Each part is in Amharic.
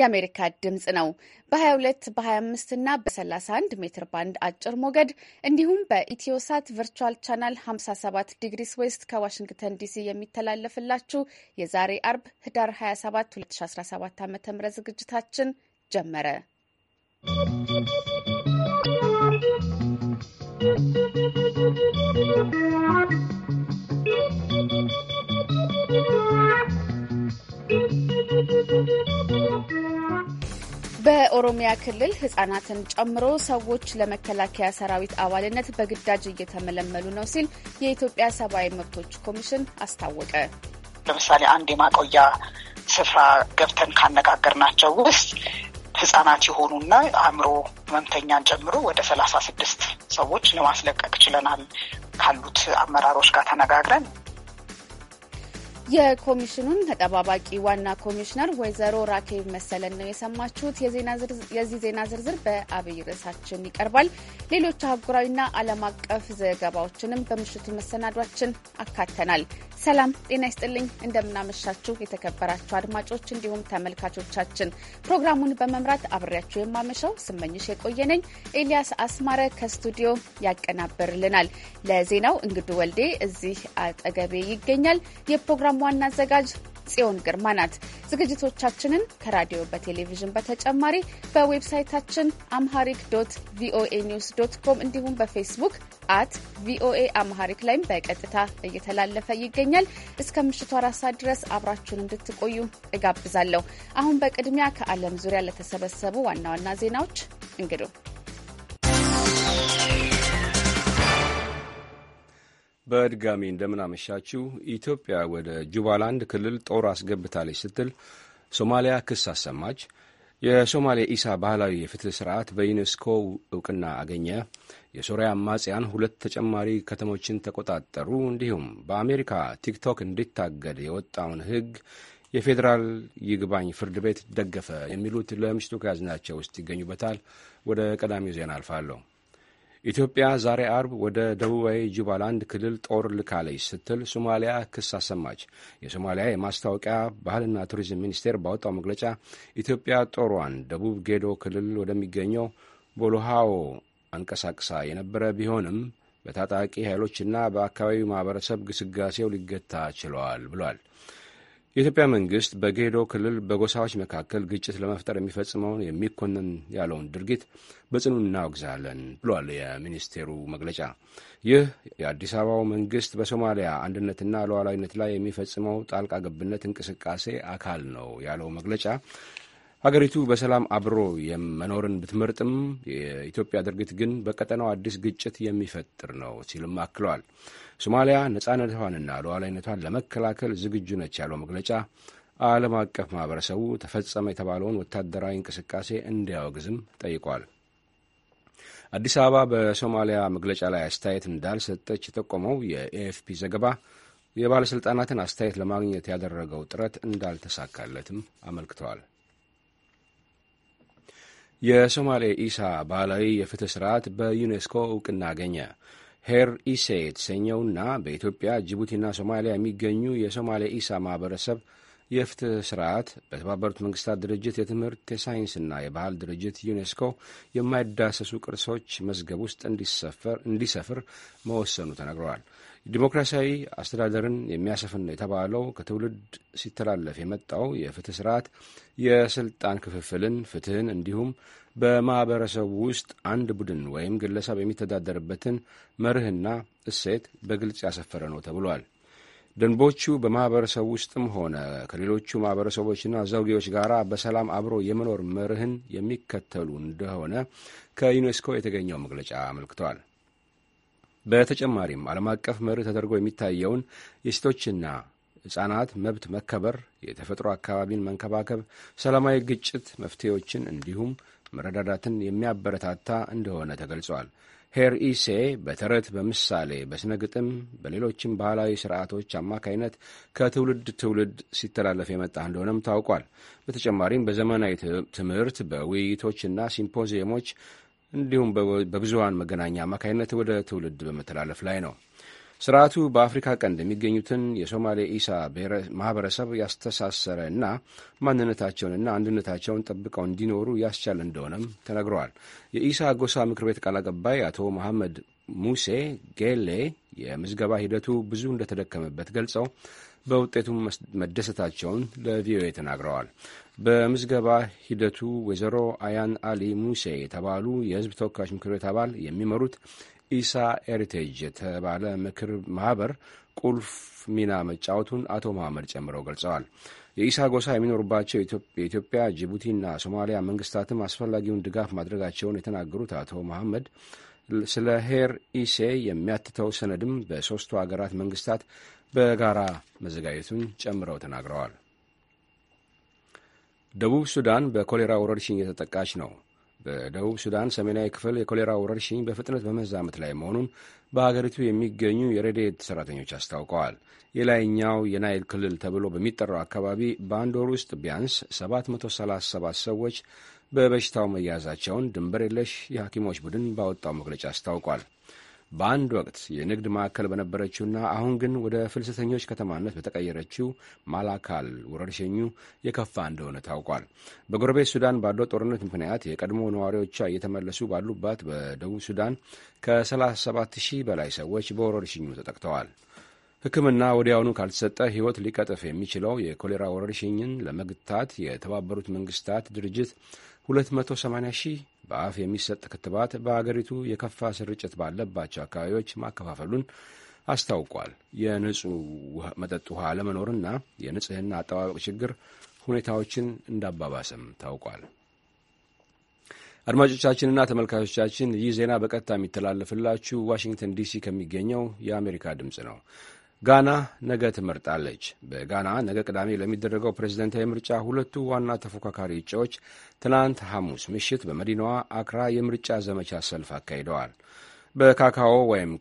የአሜሪካ ድምፅ ነው። በ22 በ25 እና በ31 ሜትር ባንድ አጭር ሞገድ እንዲሁም በኢትዮሳት ቨርቹዋል ቻናል 57 ዲግሪስ ዌስት ከዋሽንግተን ዲሲ የሚተላለፍላችሁ የዛሬ አርብ ህዳር 27 2017 ዓ ም ዝግጅታችን ጀመረ። ¶¶ በኦሮሚያ ክልል ህጻናትን ጨምሮ ሰዎች ለመከላከያ ሰራዊት አባልነት በግዳጅ እየተመለመሉ ነው ሲል የኢትዮጵያ ሰብአዊ መብቶች ኮሚሽን አስታወቀ። ለምሳሌ አንድ የማቆያ ስፍራ ገብተን ካነጋገርናቸው ውስጥ ህጻናት የሆኑና አእምሮ ህመምተኛን ጨምሮ ወደ ሰላሳ ስድስት ሰዎች ለማስለቀቅ ችለናል ካሉት አመራሮች ጋር ተነጋግረን የኮሚሽኑን ተጠባባቂ ዋና ኮሚሽነር ወይዘሮ ራኬብ መሰለን ነው የሰማችሁት። የዚህ ዜና ዝርዝር በአብይ ርዕሳችን ይቀርባል። ሌሎች አህጉራዊና ዓለም አቀፍ ዘገባዎችንም በምሽቱ መሰናዷችን አካተናል። ሰላም ጤና ይስጥልኝ። እንደምናመሻችሁ የተከበራችሁ አድማጮች እንዲሁም ተመልካቾቻችን፣ ፕሮግራሙን በመምራት አብሬያችሁ የማመሸው ስመኝሽ የቆየነኝ። ኤልያስ አስማረ ከስቱዲዮ ያቀናብርልናል። ለዜናው እንግዱ ወልዴ እዚህ አጠገቤ ይገኛል። የፕሮግራሙ ዋና አዘጋጅ ጽዮን ግርማ ናት። ዝግጅቶቻችንን ከራዲዮ በቴሌቪዥን በተጨማሪ በዌብሳይታችን አምሃሪክ ዶት ቪኦኤ ኒውስ ዶት ኮም እንዲሁም በፌስቡክ አት ቪኦኤ አምሃሪክ ላይም በቀጥታ እየተላለፈ ይገኛል። እስከ ምሽቱ አራት ሰዓት ድረስ አብራችሁን እንድትቆዩ እጋብዛለሁ። አሁን በቅድሚያ ከዓለም ዙሪያ ለተሰበሰቡ ዋና ዋና ዜናዎች እንግዱ በድጋሚ እንደምናመሻችው ኢትዮጵያ ወደ ጁባላንድ ክልል ጦር አስገብታለች ስትል ሶማሊያ ክስ አሰማች። የሶማሌ ኢሳ ባህላዊ የፍትህ ስርዓት በዩኔስኮ እውቅና አገኘ። የሶሪያ አማጽያን ሁለት ተጨማሪ ከተሞችን ተቆጣጠሩ። እንዲሁም በአሜሪካ ቲክቶክ እንዲታገድ የወጣውን ህግ የፌዴራል ይግባኝ ፍርድ ቤት ደገፈ። የሚሉት ለምሽቱ ከያዝናቸው ውስጥ ይገኙበታል። ወደ ቀዳሚው ዜና አልፋለሁ። ኢትዮጵያ ዛሬ አርብ ወደ ደቡባዊ ጁባላንድ ክልል ጦር ልካለች ስትል ሶማሊያ ክስ አሰማች። የሶማሊያ የማስታወቂያ ባህልና ቱሪዝም ሚኒስቴር ባወጣው መግለጫ ኢትዮጵያ ጦሯን ደቡብ ጌዶ ክልል ወደሚገኘው ቦሎሃዎ አንቀሳቅሳ የነበረ ቢሆንም በታጣቂ ኃይሎችና በአካባቢው ማህበረሰብ ግስጋሴው ሊገታ ችለዋል ብሏል። የኢትዮጵያ መንግሥት በጌዶ ክልል በጎሳዎች መካከል ግጭት ለመፍጠር የሚፈጽመውን የሚኮንን ያለውን ድርጊት በጽኑ እናወግዛለን ብሏል የሚኒስቴሩ መግለጫ። ይህ የአዲስ አበባው መንግሥት በሶማሊያ አንድነትና ሉዓላዊነት ላይ የሚፈጽመው ጣልቃ ገብነት እንቅስቃሴ አካል ነው ያለው መግለጫ ሀገሪቱ በሰላም አብሮ የመኖርን ብትመርጥም የኢትዮጵያ ድርጊት ግን በቀጠናው አዲስ ግጭት የሚፈጥር ነው ሲልም አክለዋል። ሶማሊያ ነጻነቷንና ሉዓላዊነቷን ለመከላከል ዝግጁ ነች ያለው መግለጫ ዓለም አቀፍ ማህበረሰቡ ተፈጸመ የተባለውን ወታደራዊ እንቅስቃሴ እንዲያወግዝም ጠይቋል። አዲስ አበባ በሶማሊያ መግለጫ ላይ አስተያየት እንዳልሰጠች የጠቆመው የኤኤፍፒ ዘገባ የባለሥልጣናትን አስተያየት ለማግኘት ያደረገው ጥረት እንዳልተሳካለትም አመልክተዋል። የሶማሌ ኢሳ ባህላዊ የፍትህ ስርዓት በዩኔስኮ እውቅና አገኘ። ሄር ኢሴ የተሰኘውና በኢትዮጵያ ጅቡቲና ሶማሊያ የሚገኙ የሶማሌ ኢሳ ማህበረሰብ የፍትህ ስርዓት በተባበሩት መንግስታት ድርጅት የትምህርት የሳይንስና የባህል ድርጅት ዩኔስኮ የማይዳሰሱ ቅርሶች መዝገብ ውስጥ እንዲሰፍር መወሰኑ ተነግረዋል። ዲሞክራሲያዊ አስተዳደርን የሚያሰፍን ነው የተባለው ከትውልድ ሲተላለፍ የመጣው የፍትህ ስርዓት የስልጣን ክፍፍልን፣ ፍትህን እንዲሁም በማህበረሰቡ ውስጥ አንድ ቡድን ወይም ግለሰብ የሚተዳደርበትን መርህና እሴት በግልጽ ያሰፈረ ነው ተብሏል። ደንቦቹ በማህበረሰብ ውስጥም ሆነ ከሌሎቹ ማህበረሰቦችና ዘውጌዎች ጋር በሰላም አብሮ የመኖር መርህን የሚከተሉ እንደሆነ ከዩኔስኮ የተገኘው መግለጫ አመልክተዋል። በተጨማሪም ዓለም አቀፍ መርህ ተደርጎ የሚታየውን የሴቶችና ሕፃናት መብት መከበር፣ የተፈጥሮ አካባቢን መንከባከብ፣ ሰላማዊ ግጭት መፍትሄዎችን እንዲሁም መረዳዳትን የሚያበረታታ እንደሆነ ተገልጿል። ሄር ኢሴ በተረት በምሳሌ በሥነ ግጥም በሌሎችም ባህላዊ ስርዓቶች አማካይነት ከትውልድ ትውልድ ሲተላለፍ የመጣ እንደሆነም ታውቋል። በተጨማሪም በዘመናዊ ትምህርት በውይይቶችና ሲምፖዚየሞች እንዲሁም በብዙሀን መገናኛ አማካኝነት ወደ ትውልድ በመተላለፍ ላይ ነው። ስርዓቱ በአፍሪካ ቀንድ የሚገኙትን የሶማሌ ኢሳ ማህበረሰብ ያስተሳሰረ እና ማንነታቸውንና አንድነታቸውን ጠብቀው እንዲኖሩ ያስቻል እንደሆነም ተነግረዋል። የኢሳ ጎሳ ምክር ቤት ቃል አቀባይ አቶ መሐመድ ሙሴ ጌሌ የምዝገባ ሂደቱ ብዙ እንደተደከመበት ገልጸው በውጤቱ መደሰታቸውን ለቪኦኤ ተናግረዋል። በምዝገባ ሂደቱ ወይዘሮ አያን አሊ ሙሴ የተባሉ የህዝብ ተወካዮች ምክር ቤት አባል የሚመሩት ኢሳ ኤሪቴጅ የተባለ ምክር ማህበር ቁልፍ ሚና መጫወቱን አቶ መሐመድ ጨምረው ገልጸዋል። የኢሳ ጎሳ የሚኖሩባቸው የኢትዮጵያ ጅቡቲና ሶማሊያ መንግስታትም አስፈላጊውን ድጋፍ ማድረጋቸውን የተናገሩት አቶ መሐመድ ስለ ሄር ኢሴ የሚያትተው ሰነድም በሦስቱ አገራት መንግስታት በጋራ መዘጋጀቱን ጨምረው ተናግረዋል። ደቡብ ሱዳን በኮሌራ ወረርሽኝ እየተጠቃች ነው። በደቡብ ሱዳን ሰሜናዊ ክፍል የኮሌራ ወረርሽኝ በፍጥነት በመዛመት ላይ መሆኑን በሀገሪቱ የሚገኙ የረድኤት ሰራተኞች አስታውቀዋል። የላይኛው የናይል ክልል ተብሎ በሚጠራው አካባቢ በአንድ ወር ውስጥ ቢያንስ 737 ሰዎች በበሽታው መያዛቸውን ድንበር የለሽ የሐኪሞች ቡድን ባወጣው መግለጫ አስታውቋል። በአንድ ወቅት የንግድ ማዕከል በነበረችውና አሁን ግን ወደ ፍልሰተኞች ከተማነት በተቀየረችው ማላካል ወረርሽኙ የከፋ እንደሆነ ታውቋል። በጎረቤት ሱዳን ባለው ጦርነት ምክንያት የቀድሞ ነዋሪዎቿ እየተመለሱ ባሉባት በደቡብ ሱዳን ከ37 ሺህ በላይ ሰዎች በወረርሽኙ ተጠቅተዋል። ሕክምና ወዲያውኑ ካልተሰጠ ሕይወት ሊቀጥፍ የሚችለው የኮሌራ ወረርሽኝን ለመግታት የተባበሩት መንግስታት ድርጅት 280 ሺህ በአፍ የሚሰጥ ክትባት በአገሪቱ የከፋ ስርጭት ባለባቸው አካባቢዎች ማከፋፈሉን አስታውቋል። የንጹህ መጠጥ ውሃ አለመኖርና የንጽህና አጠባበቅ ችግር ሁኔታዎችን እንዳባባሰም ታውቋል። አድማጮቻችንና ተመልካቾቻችን ይህ ዜና በቀጥታ የሚተላለፍላችሁ ዋሽንግተን ዲሲ ከሚገኘው የአሜሪካ ድምፅ ነው። ጋና ነገ ትመርጣለች። በጋና ነገ ቅዳሜ ለሚደረገው ፕሬዝደንታዊ ምርጫ ሁለቱ ዋና ተፎካካሪ እጩዎች ትናንት ሐሙስ ምሽት በመዲናዋ አክራ የምርጫ ዘመቻ ሰልፍ አካሂደዋል። በካካኦ ወይም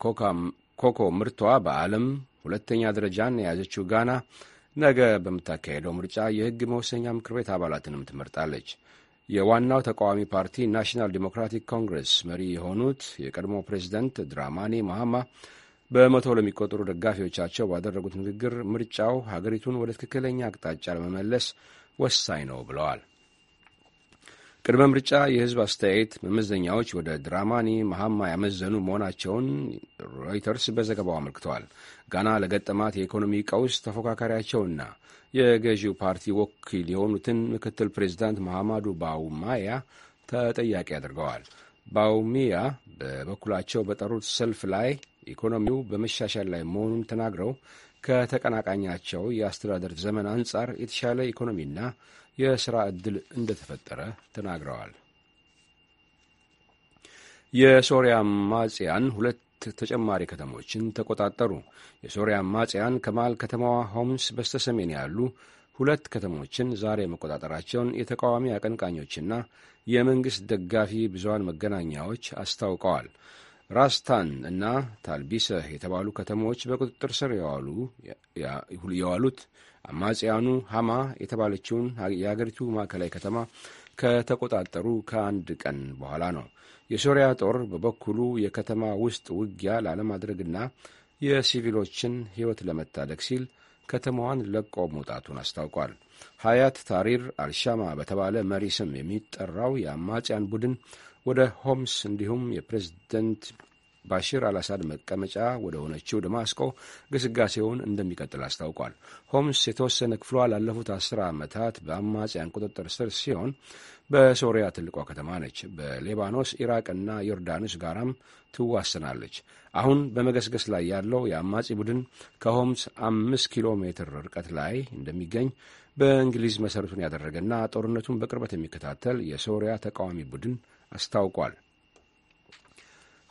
ኮኮ ምርቷ በዓለም ሁለተኛ ደረጃን የያዘችው ጋና ነገ በምታካሄደው ምርጫ የሕግ መወሰኛ ምክር ቤት አባላትንም ትመርጣለች። የዋናው ተቃዋሚ ፓርቲ ናሽናል ዲሞክራቲክ ኮንግረስ መሪ የሆኑት የቀድሞ ፕሬዝደንት ድራማኒ ማሃማ በመቶ ለሚቆጠሩ ደጋፊዎቻቸው ባደረጉት ንግግር ምርጫው ሀገሪቱን ወደ ትክክለኛ አቅጣጫ ለመመለስ ወሳኝ ነው ብለዋል። ቅድመ ምርጫ የህዝብ አስተያየት መመዘኛዎች ወደ ድራማኒ መሐማ ያመዘኑ መሆናቸውን ሮይተርስ በዘገባው አመልክተዋል። ጋና ለገጠማት የኢኮኖሚ ቀውስ ተፎካካሪያቸውና የገዢው ፓርቲ ወኪል የሆኑትን ምክትል ፕሬዚዳንት መሐማዱ ባውማያ ተጠያቂ አድርገዋል። ባውሚያ በበኩላቸው በጠሩት ሰልፍ ላይ ኢኮኖሚው በመሻሻል ላይ መሆኑን ተናግረው ከተቀናቃኛቸው የአስተዳደር ዘመን አንጻር የተሻለ ኢኮኖሚና የሥራ ዕድል እንደተፈጠረ ተናግረዋል። የሶሪያ አማጽያን ሁለት ተጨማሪ ከተሞችን ተቆጣጠሩ። የሶሪያ አማጽያን ከመሃል ከተማዋ ሆምስ በስተሰሜን ያሉ ሁለት ከተሞችን ዛሬ መቆጣጠራቸውን የተቃዋሚ አቀንቃኞችና የመንግሥት ደጋፊ ብዙሃን መገናኛዎች አስታውቀዋል። ራስታን እና ታልቢሰ የተባሉ ከተሞች በቁጥጥር ስር የዋሉት አማጽያኑ ሃማ የተባለችውን የአገሪቱ ማዕከላዊ ከተማ ከተቆጣጠሩ ከአንድ ቀን በኋላ ነው። የሶሪያ ጦር በበኩሉ የከተማ ውስጥ ውጊያ ላለማድረግና የሲቪሎችን ሕይወት ለመታደግ ሲል ከተማዋን ለቆ መውጣቱን አስታውቋል። ሀያት ታሪር አልሻማ በተባለ መሪ ስም የሚጠራው የአማጽያን ቡድን ወደ ሆምስ እንዲሁም የፕሬዝደንት ባሽር አልአሳድ መቀመጫ ወደ ሆነችው ደማስቆ ግስጋሴውን እንደሚቀጥል አስታውቋል። ሆምስ የተወሰነ ክፍሏ ላለፉት አስር ዓመታት በአማጽያን ቁጥጥር ስር ሲሆን በሶሪያ ትልቋ ከተማ ነች። በሌባኖስ ኢራቅና ዮርዳኖስ ጋራም ትዋሰናለች። አሁን በመገስገስ ላይ ያለው የአማጺ ቡድን ከሆምስ አምስት ኪሎ ሜትር ርቀት ላይ እንደሚገኝ በእንግሊዝ መሠረቱን ያደረገና ጦርነቱን በቅርበት የሚከታተል የሶሪያ ተቃዋሚ ቡድን አስታውቋል።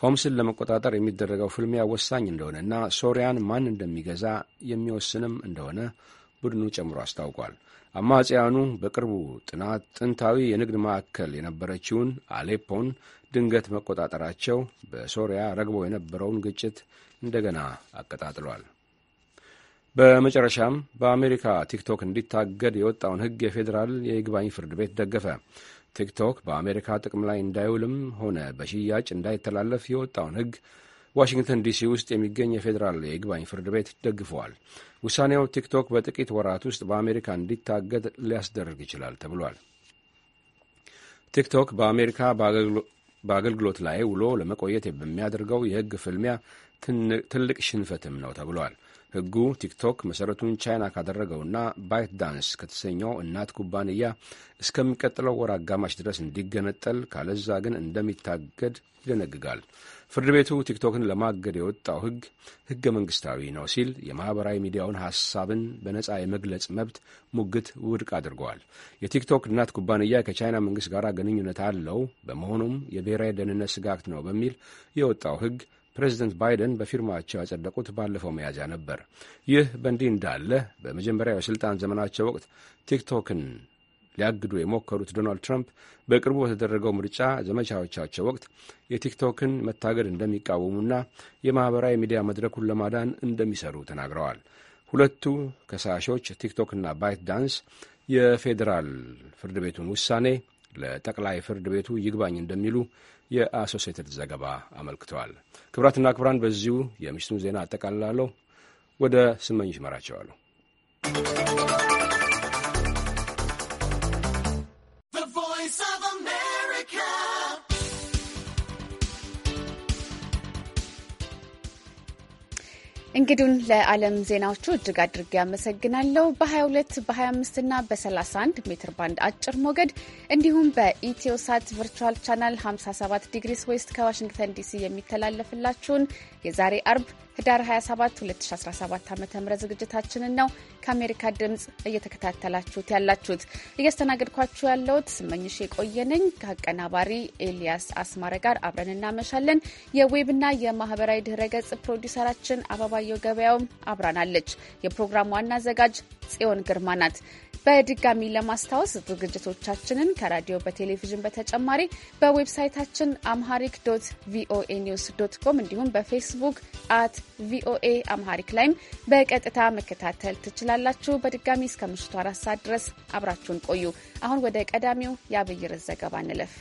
ሆምስን ለመቆጣጠር የሚደረገው ፍልሚያ ወሳኝ እንደሆነ እና ሶሪያን ማን እንደሚገዛ የሚወስንም እንደሆነ ቡድኑ ጨምሮ አስታውቋል። አማጽያኑ በቅርቡ ጥናት ጥንታዊ የንግድ ማዕከል የነበረችውን አሌፖን ድንገት መቆጣጠራቸው በሶሪያ ረግቦ የነበረውን ግጭት እንደገና አቀጣጥሏል። በመጨረሻም በአሜሪካ ቲክቶክ እንዲታገድ የወጣውን ሕግ የፌዴራል የይግባኝ ፍርድ ቤት ደገፈ። ቲክቶክ በአሜሪካ ጥቅም ላይ እንዳይውልም ሆነ በሽያጭ እንዳይተላለፍ የወጣውን ሕግ ዋሽንግተን ዲሲ ውስጥ የሚገኝ የፌዴራል የይግባኝ ፍርድ ቤት ደግፈዋል። ውሳኔው ቲክቶክ በጥቂት ወራት ውስጥ በአሜሪካ እንዲታገድ ሊያስደርግ ይችላል ተብሏል። ቲክቶክ በአሜሪካ በአገልግሎት ላይ ውሎ ለመቆየት በሚያደርገው የሕግ ፍልሚያ ትልቅ ሽንፈትም ነው ተብሏል። ሕጉ ቲክቶክ መሠረቱን ቻይና ካደረገውና ባይት ዳንስ ከተሰኘው እናት ኩባንያ እስከሚቀጥለው ወር አጋማሽ ድረስ እንዲገነጠል ካለዛ ግን እንደሚታገድ ይደነግጋል። ፍርድ ቤቱ ቲክቶክን ለማገድ የወጣው ሕግ ሕገ መንግሥታዊ ነው ሲል የማኅበራዊ ሚዲያውን ሐሳብን በነጻ የመግለጽ መብት ሙግት ውድቅ አድርገዋል። የቲክቶክ እናት ኩባንያ ከቻይና መንግሥት ጋር ግንኙነት አለው፣ በመሆኑም የብሔራዊ ደህንነት ስጋት ነው በሚል የወጣው ሕግ ፕሬዚደንት ባይደን በፊርማቸው ያጸደቁት ባለፈው መያዝያ ነበር። ይህ በእንዲህ እንዳለ በመጀመሪያው የሥልጣን ዘመናቸው ወቅት ቲክቶክን ሊያግዱ የሞከሩት ዶናልድ ትራምፕ በቅርቡ በተደረገው ምርጫ ዘመቻዎቻቸው ወቅት የቲክቶክን መታገድ እንደሚቃወሙና የማኅበራዊ ሚዲያ መድረኩን ለማዳን እንደሚሰሩ ተናግረዋል። ሁለቱ ከሳሾች ቲክቶክና ባይት ዳንስ የፌዴራል ፍርድ ቤቱን ውሳኔ ለጠቅላይ ፍርድ ቤቱ ይግባኝ እንደሚሉ የአሶሴትድ ዘገባ አመልክተዋል። ክብራትና ክብራን በዚሁ የምሽቱን ዜና አጠቃልላለሁ። ወደ ስመኝሽ መራቸዋለሁ። እንግዲሁን ለዓለም ዜናዎቹ እጅግ አድርጌ ያመሰግናለሁ። በ22 በ25 እና በ31 ሜትር ባንድ አጭር ሞገድ እንዲሁም በኢትዮሳት ቨርቹዋል ቻናል 57 ዲግሪስ ዌስት ከዋሽንግተን ዲሲ የሚተላለፍላችሁን የዛሬ አርብ ህዳር 27 2017 ዓ ም ዝግጅታችንን ነው ከአሜሪካ ድምፅ እየተከታተላችሁት ያላችሁት። እያስተናገድኳችሁ ያለሁት ስመኝሽ የቆየነኝ ከአቀናባሪ ኤልያስ አስማረ ጋር አብረን እናመሻለን። የዌብና የማህበራዊ ገጽ ፕሮዲውሰራችን አበባየው ገበያውም አብራናለች። የፕሮግራም ዋና አዘጋጅ ጽዮን ግርማ ናት። በድጋሚ ለማስታወስ ዝግጅቶቻችንን ከራዲዮ በቴሌቪዥን በተጨማሪ በዌብሳይታችን አምሃሪክ ዶት ቪኦኤ ኒውስ ዶት ኮም እንዲሁም በፌስቡክ አት ቪኦኤ አምሃሪክ ላይም በቀጥታ መከታተል ትችላላችሁ። በድጋሚ እስከ ምሽቱ አራት ሰዓት ድረስ አብራችሁን ቆዩ። አሁን ወደ ቀዳሚው የአብይ ርዕስ ዘገባ እንለፍ።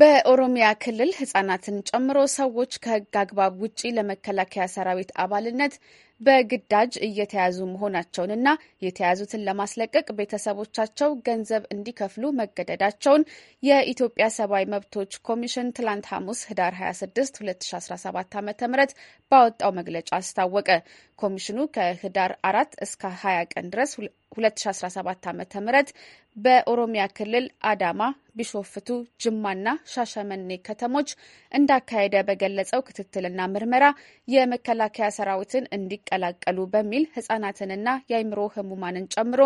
በኦሮሚያ ክልል ህጻናትን ጨምሮ ሰዎች ከህግ አግባብ ውጪ ለመከላከያ ሰራዊት አባልነት በግዳጅ እየተያዙ መሆናቸውንና የተያዙትን ለማስለቀቅ ቤተሰቦቻቸው ገንዘብ እንዲከፍሉ መገደዳቸውን የኢትዮጵያ ሰብአዊ መብቶች ኮሚሽን ትላንት ሐሙስ ህዳር 26 2017 ዓ ም ባወጣው መግለጫ አስታወቀ። ኮሚሽኑ ከህዳር አራት እስከ 20 ቀን ድረስ 2017 ዓ ም በኦሮሚያ ክልል አዳማ፣ ቢሾፍቱ፣ ጅማና ሻሸመኔ ከተሞች እንዳካሄደ በገለጸው ክትትልና ምርመራ የመከላከያ ሰራዊትን እንዲቀ ተቀላቀሉ በሚል ህጻናትንና የአይምሮ ህሙማንን ጨምሮ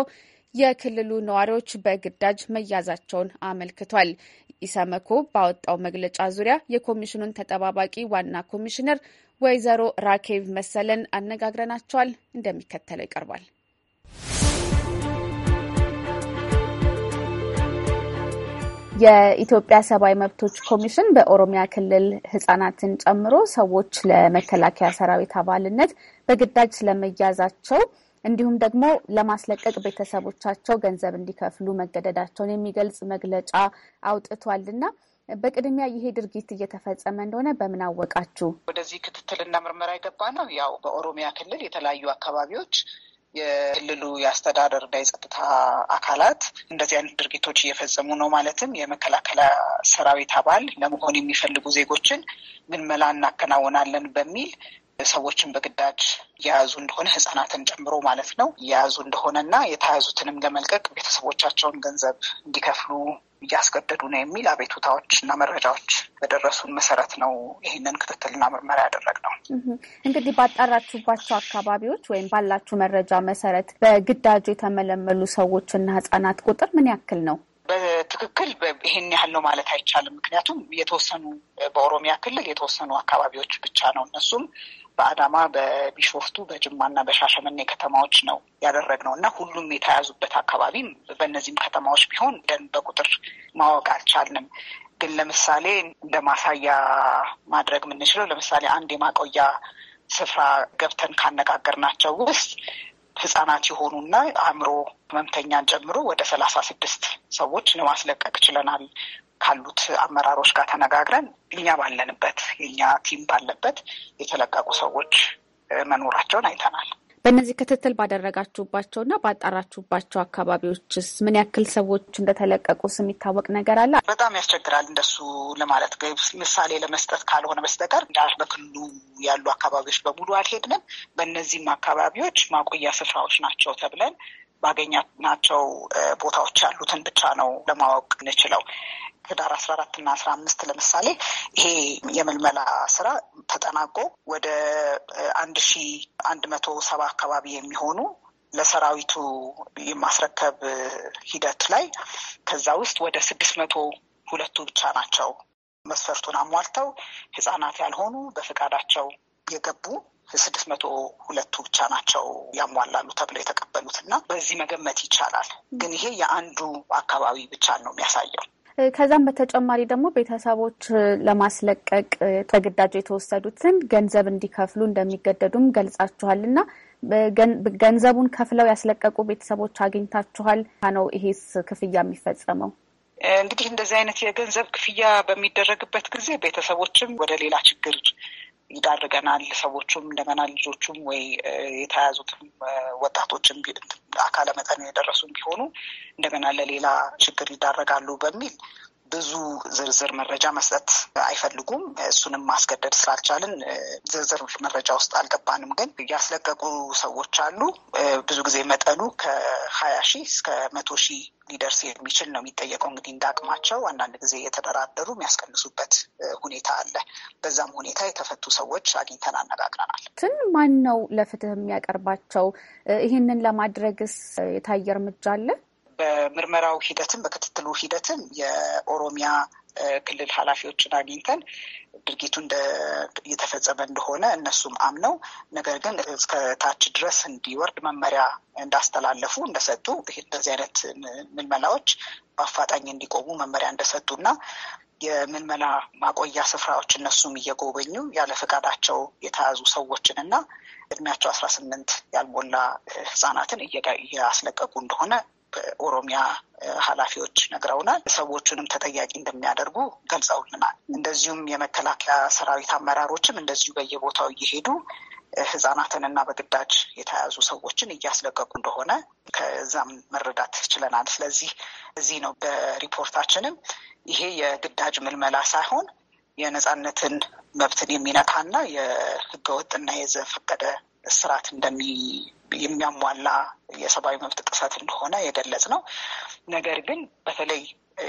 የክልሉ ነዋሪዎች በግዳጅ መያዛቸውን አመልክቷል። ኢሰመኮ ባወጣው መግለጫ ዙሪያ የኮሚሽኑን ተጠባባቂ ዋና ኮሚሽነር ወይዘሮ ራኬቭ መሰለን አነጋግረናቸዋል። እንደሚከተለው ይቀርባል። የኢትዮጵያ ሰብአዊ መብቶች ኮሚሽን በኦሮሚያ ክልል ህጻናትን ጨምሮ ሰዎች ለመከላከያ ሰራዊት አባልነት በግዳጅ ስለመያዛቸው እንዲሁም ደግሞ ለማስለቀቅ ቤተሰቦቻቸው ገንዘብ እንዲከፍሉ መገደዳቸውን የሚገልጽ መግለጫ አውጥቷል እና በቅድሚያ ይሄ ድርጊት እየተፈጸመ እንደሆነ በምን አወቃችሁ? ወደዚህ ክትትልና ምርመራ የገባ ነው ያው በኦሮሚያ ክልል የተለያዩ አካባቢዎች የክልሉ እና የጸጥታ አካላት እንደዚህ አይነት ድርጊቶች እየፈጸሙ ነው። ማለትም የመከላከያ ሰራዊት አባል ለመሆን የሚፈልጉ ዜጎችን ምንመላ እናከናወናለን በሚል ሰዎችን በግዳጅ የያዙ እንደሆነ ህጻናትን ጨምሮ ማለት ነው የያዙ እንደሆነ እና የተያዙትንም ለመልቀቅ ቤተሰቦቻቸውን ገንዘብ እንዲከፍሉ እያስገደዱ ነው የሚል አቤቱታዎች እና መረጃዎች በደረሱን መሰረት ነው ይህንን ክትትልና ምርመራ ያደረግነው። እንግዲህ ባጣራችሁባቸው አካባቢዎች ወይም ባላችሁ መረጃ መሰረት በግዳጅ የተመለመሉ ሰዎችና ህጻናት ቁጥር ምን ያክል ነው? በትክክል ይህን ያህል ነው ማለት አይቻልም። ምክንያቱም የተወሰኑ በኦሮሚያ ክልል የተወሰኑ አካባቢዎች ብቻ ነው እነሱም በአዳማ፣ በቢሾፍቱ፣ በጅማና በሻሸመኔ ከተማዎች ነው ያደረግነው እና ሁሉም የተያዙበት አካባቢም በእነዚህም ከተማዎች ቢሆን ደን በቁጥር ማወቅ አልቻልንም። ግን ለምሳሌ እንደ ማሳያ ማድረግ የምንችለው ለምሳሌ አንድ የማቆያ ስፍራ ገብተን ካነጋገርናቸው ውስጥ ህጻናት የሆኑና አእምሮ ህመምተኛን ጨምሮ ወደ ሰላሳ ስድስት ሰዎች ለማስለቀቅ ችለናል። ካሉት አመራሮች ጋር ተነጋግረን እኛ ባለንበት የእኛ ቲም ባለበት የተለቀቁ ሰዎች መኖራቸውን አይተናል። በእነዚህ ክትትል ባደረጋችሁባቸውና ባጣራችሁባቸው አካባቢዎችስ ምን ያክል ሰዎች እንደተለቀቁስ የሚታወቅ ነገር አለ? በጣም ያስቸግራል እንደሱ ለማለት ምሳሌ ለመስጠት ካልሆነ በስተቀር በክልሉ ያሉ አካባቢዎች በሙሉ አልሄድንም። በእነዚህም አካባቢዎች ማቆያ ስፍራዎች ናቸው ተብለን ባገኛናቸው ቦታዎች ያሉትን ብቻ ነው ለማወቅ እንችለው። ህዳር አስራ አራት እና አስራ አምስት ለምሳሌ ይሄ የምልመላ ስራ ተጠናቆ ወደ አንድ ሺ አንድ መቶ ሰባ አካባቢ የሚሆኑ ለሰራዊቱ የማስረከብ ሂደት ላይ ከዛ ውስጥ ወደ ስድስት መቶ ሁለቱ ብቻ ናቸው መስፈርቱን አሟልተው ህጻናት ያልሆኑ በፈቃዳቸው የገቡ ስድስት መቶ ሁለቱ ብቻ ናቸው ያሟላሉ ተብለው የተቀበሉት እና በዚህ መገመት ይቻላል። ግን ይሄ የአንዱ አካባቢ ብቻ ነው የሚያሳየው። ከዛም በተጨማሪ ደግሞ ቤተሰቦች ለማስለቀቅ ተግዳጅ የተወሰዱትን ገንዘብ እንዲከፍሉ እንደሚገደዱም ገልጻችኋል እና ገንዘቡን ከፍለው ያስለቀቁ ቤተሰቦች አግኝታችኋል ነው? ይሄስ ክፍያ የሚፈጸመው? እንግዲህ እንደዚህ አይነት የገንዘብ ክፍያ በሚደረግበት ጊዜ ቤተሰቦችም ወደ ሌላ ችግር ይዳርገናል። ሰዎቹም እንደገና ልጆቹም ወይ የተያዙትም ወጣቶችም አካለ መጠን የደረሱም ቢሆኑ እንደገና ለሌላ ችግር ይዳረጋሉ በሚል ብዙ ዝርዝር መረጃ መስጠት አይፈልጉም። እሱንም ማስገደድ ስላልቻልን ዝርዝር መረጃ ውስጥ አልገባንም። ግን ያስለቀቁ ሰዎች አሉ። ብዙ ጊዜ መጠኑ ከሀያ ሺህ እስከ መቶ ሺህ ሊደርስ የሚችል ነው የሚጠየቀው። እንግዲህ እንዳቅማቸው አንዳንድ ጊዜ የተደራደሩ የሚያስቀንሱበት ሁኔታ አለ። በዛም ሁኔታ የተፈቱ ሰዎች አግኝተን አነጋግረናል። ትን ማን ነው ለፍትህ የሚያቀርባቸው? ይህንን ለማድረግስ የታየ እርምጃ አለ? በምርመራው ሂደትም በክትትሉ ሂደትም የኦሮሚያ ክልል ኃላፊዎችን አግኝተን ድርጊቱ እየተፈጸመ እንደሆነ እነሱም አምነው ነገር ግን እስከ ታች ድረስ እንዲወርድ መመሪያ እንዳስተላለፉ እንደሰጡ እንደዚህ አይነት ምልመላዎች በአፋጣኝ እንዲቆሙ መመሪያ እንደሰጡ እና የምልመላ ማቆያ ስፍራዎች እነሱም እየጎበኙ ያለ ፈቃዳቸው የተያዙ ሰዎችን እና እድሜያቸው አስራ ስምንት ያልሞላ ህጻናትን እያስለቀቁ እንደሆነ ኦሮሚያ ኃላፊዎች ነግረውናል። ሰዎቹንም ተጠያቂ እንደሚያደርጉ ገልጸውልናል። እንደዚሁም የመከላከያ ሰራዊት አመራሮችም እንደዚሁ በየቦታው እየሄዱ ህጻናትንና በግዳጅ የተያዙ ሰዎችን እያስለቀቁ እንደሆነ ከዛም መረዳት ችለናል። ስለዚህ እዚህ ነው በሪፖርታችንም ይሄ የግዳጅ ምልመላ ሳይሆን የነጻነትን መብትን የሚነካና የህገወጥና የዘፈቀደ እስራት እንደሚ የሚያሟላ የሰብአዊ መብት ጥሰት እንደሆነ የገለጽ ነው። ነገር ግን በተለይ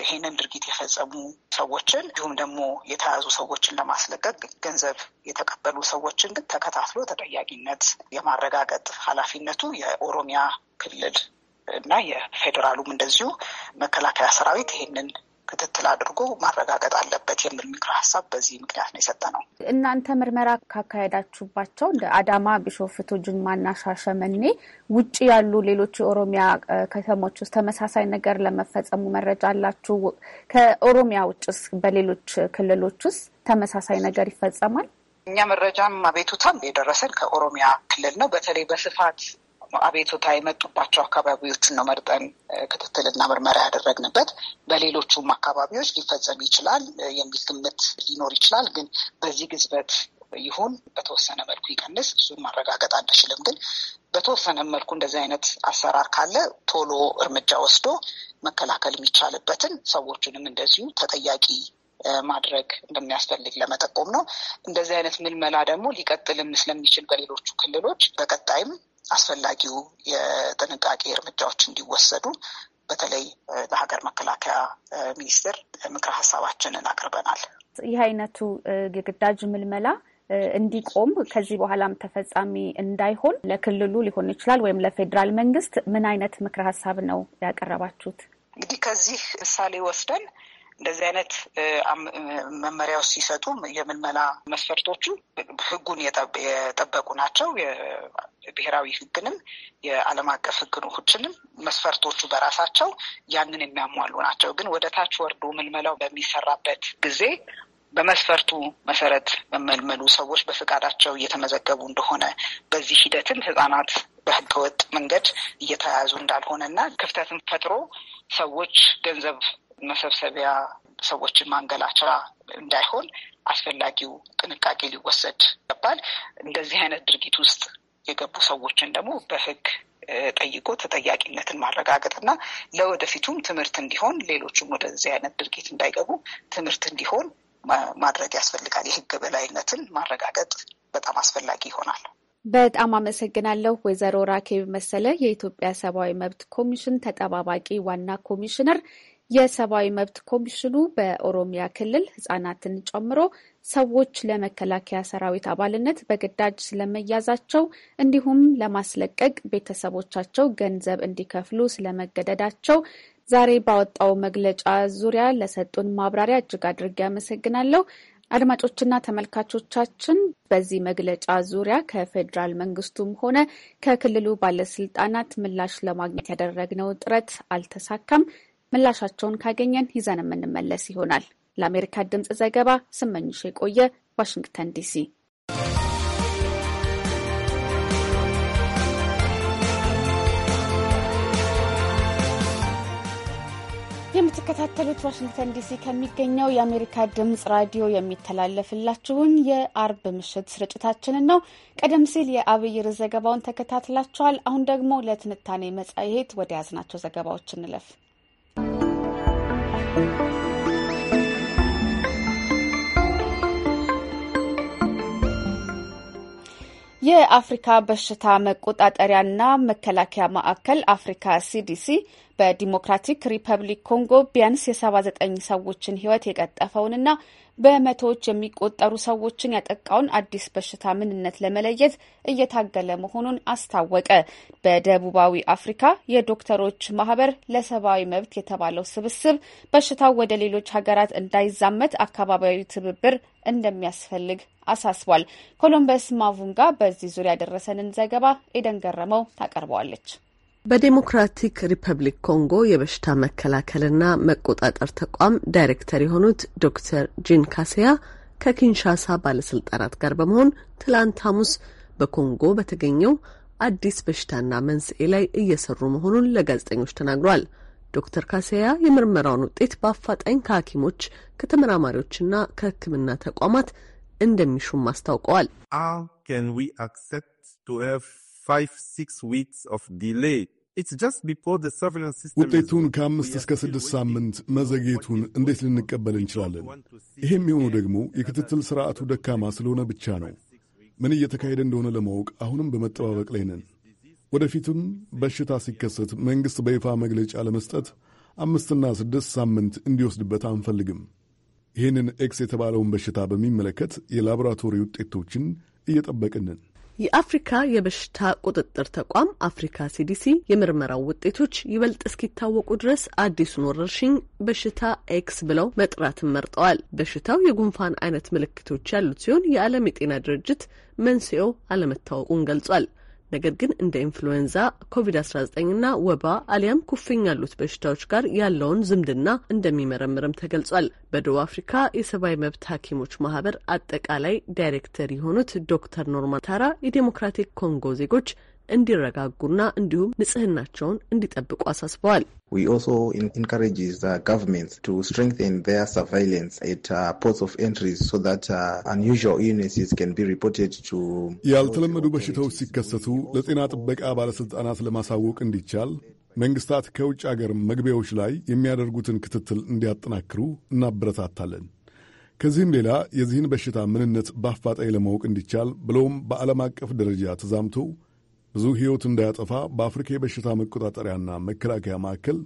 ይህንን ድርጊት የፈጸሙ ሰዎችን እንዲሁም ደግሞ የተያዙ ሰዎችን ለማስለቀቅ ገንዘብ የተቀበሉ ሰዎችን ግን ተከታትሎ ተጠያቂነት የማረጋገጥ ኃላፊነቱ የኦሮሚያ ክልል እና የፌዴራሉም እንደዚሁ መከላከያ ሰራዊት ይህንን ክትትል አድርጎ ማረጋገጥ አለበት የሚል ምክረ ሀሳብ በዚህ ምክንያት ነው የሰጠ ነው። እናንተ ምርመራ ካካሄዳችሁባቸው እንደ አዳማ፣ ቢሾፍቱ፣ ጅማና ሻሸመኔ ውጭ ያሉ ሌሎች የኦሮሚያ ከተሞች ውስጥ ተመሳሳይ ነገር ለመፈጸሙ መረጃ አላችሁ? ከኦሮሚያ ውጭስ በሌሎች ክልሎች ውስጥ ተመሳሳይ ነገር ይፈጸማል? እኛ መረጃም አቤቱታም የደረሰን ከኦሮሚያ ክልል ነው። በተለይ በስፋት አቤቱታ የመጡባቸው አካባቢዎችን ነው መርጠን ክትትልና ምርመራ ያደረግንበት። በሌሎቹም አካባቢዎች ሊፈጸም ይችላል የሚል ግምት ሊኖር ይችላል። ግን በዚህ ግዝበት ይሁን በተወሰነ መልኩ ይቀንስ፣ እሱን ማረጋገጥ አንችልም። ግን በተወሰነ መልኩ እንደዚህ አይነት አሰራር ካለ ቶሎ እርምጃ ወስዶ መከላከል የሚቻልበትን ሰዎቹንም እንደዚሁ ተጠያቂ ማድረግ እንደሚያስፈልግ ለመጠቆም ነው። እንደዚህ አይነት ምልመላ ደግሞ ሊቀጥልም ስለሚችል በሌሎቹ ክልሎች በቀጣይም አስፈላጊው የጥንቃቄ እርምጃዎች እንዲወሰዱ በተለይ ለሀገር መከላከያ ሚኒስቴር ምክረ ሀሳባችንን አቅርበናል። ይህ አይነቱ የግዳጅ ምልመላ እንዲቆም ከዚህ በኋላም ተፈጻሚ እንዳይሆን ለክልሉ ሊሆን ይችላል ወይም ለፌዴራል መንግስት ምን አይነት ምክረ ሀሳብ ነው ያቀረባችሁት? እንግዲህ ከዚህ ምሳሌ ወስደን እንደዚህ አይነት መመሪያዎች ሲሰጡ የምልመላ መስፈርቶቹ ህጉን የጠበቁ ናቸው። ብሔራዊ ህግንም የዓለም አቀፍ ህጎችንም መስፈርቶቹ በራሳቸው ያንን የሚያሟሉ ናቸው። ግን ወደ ታች ወርዶ ምልመላው በሚሰራበት ጊዜ በመስፈርቱ መሰረት መመልመሉ ሰዎች በፍቃዳቸው እየተመዘገቡ እንደሆነ በዚህ ሂደትም ህጻናት በህገወጥ መንገድ እየተያያዙ እንዳልሆነ እና ክፍተትን ፈጥሮ ሰዎች ገንዘብ መሰብሰቢያ ሰዎችን ማንገላቻ እንዳይሆን አስፈላጊው ጥንቃቄ ሊወሰድ ይገባል። እንደዚህ አይነት ድርጊት ውስጥ የገቡ ሰዎችን ደግሞ በህግ ጠይቆ ተጠያቂነትን ማረጋገጥና ለወደፊቱም ትምህርት እንዲሆን ሌሎችም ወደዚህ አይነት ድርጊት እንዳይገቡ ትምህርት እንዲሆን ማድረግ ያስፈልጋል። የህግ በላይነትን ማረጋገጥ በጣም አስፈላጊ ይሆናል። በጣም አመሰግናለሁ ወይዘሮ ራኬብ መሰለ የኢትዮጵያ ሰብአዊ መብት ኮሚሽን ተጠባባቂ ዋና ኮሚሽነር የሰብአዊ መብት ኮሚሽኑ በኦሮሚያ ክልል ህጻናትን ጨምሮ ሰዎች ለመከላከያ ሰራዊት አባልነት በግዳጅ ስለመያዛቸው እንዲሁም ለማስለቀቅ ቤተሰቦቻቸው ገንዘብ እንዲከፍሉ ስለመገደዳቸው ዛሬ ባወጣው መግለጫ ዙሪያ ለሰጡን ማብራሪያ እጅግ አድርጌ አመሰግናለሁ። አድማጮችና ተመልካቾቻችን በዚህ መግለጫ ዙሪያ ከፌዴራል መንግስቱም ሆነ ከክልሉ ባለስልጣናት ምላሽ ለማግኘት ያደረግነው ጥረት አልተሳካም። ምላሻቸውን ካገኘን ይዘን የምንመለስ ይሆናል። ለአሜሪካ ድምፅ ዘገባ ስመኝሽ የቆየ ዋሽንግተን ዲሲ። የምትከታተሉት ዋሽንግተን ዲሲ ከሚገኘው የአሜሪካ ድምፅ ራዲዮ የሚተላለፍላችሁን የአርብ ምሽት ስርጭታችንን ነው። ቀደም ሲል የአብይር ዘገባውን ተከታትላችኋል። አሁን ደግሞ ለትንታኔ መጽሔት ወደ ያዝናቸው ዘገባዎች እንለፍ። የአፍሪካ በሽታ መቆጣጠሪያና መከላከያ ማዕከል አፍሪካ ሲዲሲ በዲሞክራቲክ ሪፐብሊክ ኮንጎ ቢያንስ የ79 ሰዎችን ሕይወት የቀጠፈውንና በመቶዎች የሚቆጠሩ ሰዎችን ያጠቃውን አዲስ በሽታ ምንነት ለመለየት እየታገለ መሆኑን አስታወቀ። በደቡባዊ አፍሪካ የዶክተሮች ማህበር ለሰብአዊ መብት የተባለው ስብስብ በሽታው ወደ ሌሎች ሀገራት እንዳይዛመት አካባቢያዊ ትብብር እንደሚያስፈልግ አሳስቧል። ኮሎምበስ ማቡንጋ በዚህ ዙሪያ ያደረሰንን ዘገባ ኤደን ገረመው ታቀርበዋለች። በዴሞክራቲክ ሪፐብሊክ ኮንጎ የበሽታ መከላከልና መቆጣጠር ተቋም ዳይሬክተር የሆኑት ዶክተር ጂን ካሴያ ከኪንሻሳ ባለስልጣናት ጋር በመሆን ትላንት ሐሙስ በኮንጎ በተገኘው አዲስ በሽታና መንስኤ ላይ እየሰሩ መሆኑን ለጋዜጠኞች ተናግሯል። ዶክተር ካሴያ የምርመራውን ውጤት በአፋጣኝ ከሐኪሞች ከተመራማሪዎችና ከሕክምና ተቋማት እንደሚሹም አስታውቀዋል። ውጤቱን ከአምስት እስከ ስድስት ሳምንት መዘግየቱን እንዴት ልንቀበል እንችላለን? ይሄ የሚሆነው ደግሞ የክትትል ስርዓቱ ደካማ ስለሆነ ብቻ ነው። ምን እየተካሄደ እንደሆነ ለማወቅ አሁንም በመጠባበቅ ላይ ነን። ወደፊትም በሽታ ሲከሰት መንግሥት በይፋ መግለጫ ለመስጠት አምስትና ስድስት ሳምንት እንዲወስድበት አንፈልግም። ይህንን ኤክስ የተባለውን በሽታ በሚመለከት የላቦራቶሪ ውጤቶችን እየጠበቅንን የአፍሪካ የበሽታ ቁጥጥር ተቋም አፍሪካ ሲዲሲ የምርመራው ውጤቶች ይበልጥ እስኪታወቁ ድረስ አዲሱን ወረርሽኝ በሽታ ኤክስ ብለው መጥራትን መርጠዋል። በሽታው የጉንፋን አይነት ምልክቶች ያሉት ሲሆን የዓለም የጤና ድርጅት መንስኤው አለመታወቁን ገልጿል። ነገር ግን እንደ ኢንፍሉዌንዛ፣ ኮቪድ-19ና ወባ አሊያም ኩፍኝ ያሉት በሽታዎች ጋር ያለውን ዝምድና እንደሚመረምርም ተገልጿል። በደቡብ አፍሪካ የሰብአዊ መብት ሐኪሞች ማህበር አጠቃላይ ዳይሬክተር የሆኑት ዶክተር ኖርማን ታራ የዴሞክራቲክ ኮንጎ ዜጎች እንዲረጋጉና እንዲሁም ንጽህናቸውን እንዲጠብቁ አሳስበዋል። ያልተለመዱ በሽታዎች ሲከሰቱ ለጤና ጥበቃ ባለሥልጣናት ለማሳወቅ እንዲቻል መንግስታት ከውጭ አገር መግቢያዎች ላይ የሚያደርጉትን ክትትል እንዲያጠናክሩ እናበረታታለን። ከዚህም ሌላ የዚህን በሽታ ምንነት በአፋጣኝ ለማወቅ እንዲቻል ብለውም በዓለም አቀፍ ደረጃ ተዛምቶ ብዙ ሕይወት እንዳያጠፋ በአፍሪካ የበሽታ መቆጣጠሪያና መከላከያ ማዕከል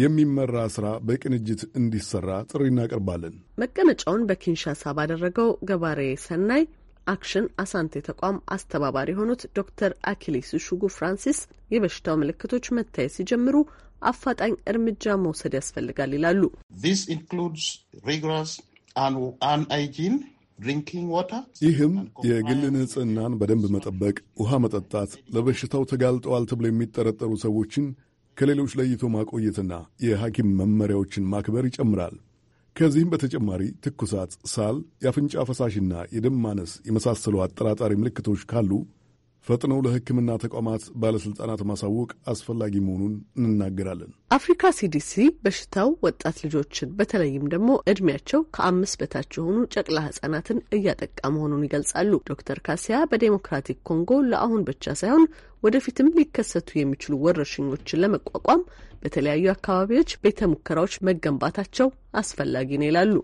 የሚመራ ስራ በቅንጅት እንዲሰራ ጥሪ እናቀርባለን። መቀመጫውን በኪንሻሳ ባደረገው ገባሬ ሰናይ አክሽን አሳንቴ ተቋም አስተባባሪ የሆኑት ዶክተር አኪሌስ ሹጉ ፍራንሲስ የበሽታው ምልክቶች መታየት ሲጀምሩ አፋጣኝ እርምጃ መውሰድ ያስፈልጋል ይላሉ። ዚስ ኢንክሉድስ ሪግረስ ይህም የግል ንጽህናን በደንብ መጠበቅ፣ ውሃ መጠጣት፣ ለበሽታው ተጋልጠዋል ተብሎ የሚጠረጠሩ ሰዎችን ከሌሎች ለይቶ ማቆየትና የሐኪም መመሪያዎችን ማክበር ይጨምራል። ከዚህም በተጨማሪ ትኩሳት፣ ሳል፣ የአፍንጫ ፈሳሽና የደም ማነስ የመሳሰሉ አጠራጣሪ ምልክቶች ካሉ ፈጥነው ለሕክምና ተቋማት ባለሥልጣናት ማሳወቅ አስፈላጊ መሆኑን እንናገራለን። አፍሪካ ሲዲሲ በሽታው ወጣት ልጆችን በተለይም ደግሞ ዕድሜያቸው ከአምስት በታች የሆኑ ጨቅላ ሕጻናትን እያጠቃ መሆኑን ይገልጻሉ። ዶክተር ካሲያ በዴሞክራቲክ ኮንጎ ለአሁን ብቻ ሳይሆን ወደፊትም ሊከሰቱ የሚችሉ ወረርሽኞችን ለመቋቋም በተለያዩ አካባቢዎች ቤተ ሙከራዎች መገንባታቸው አስፈላጊ ነው ይላሉ።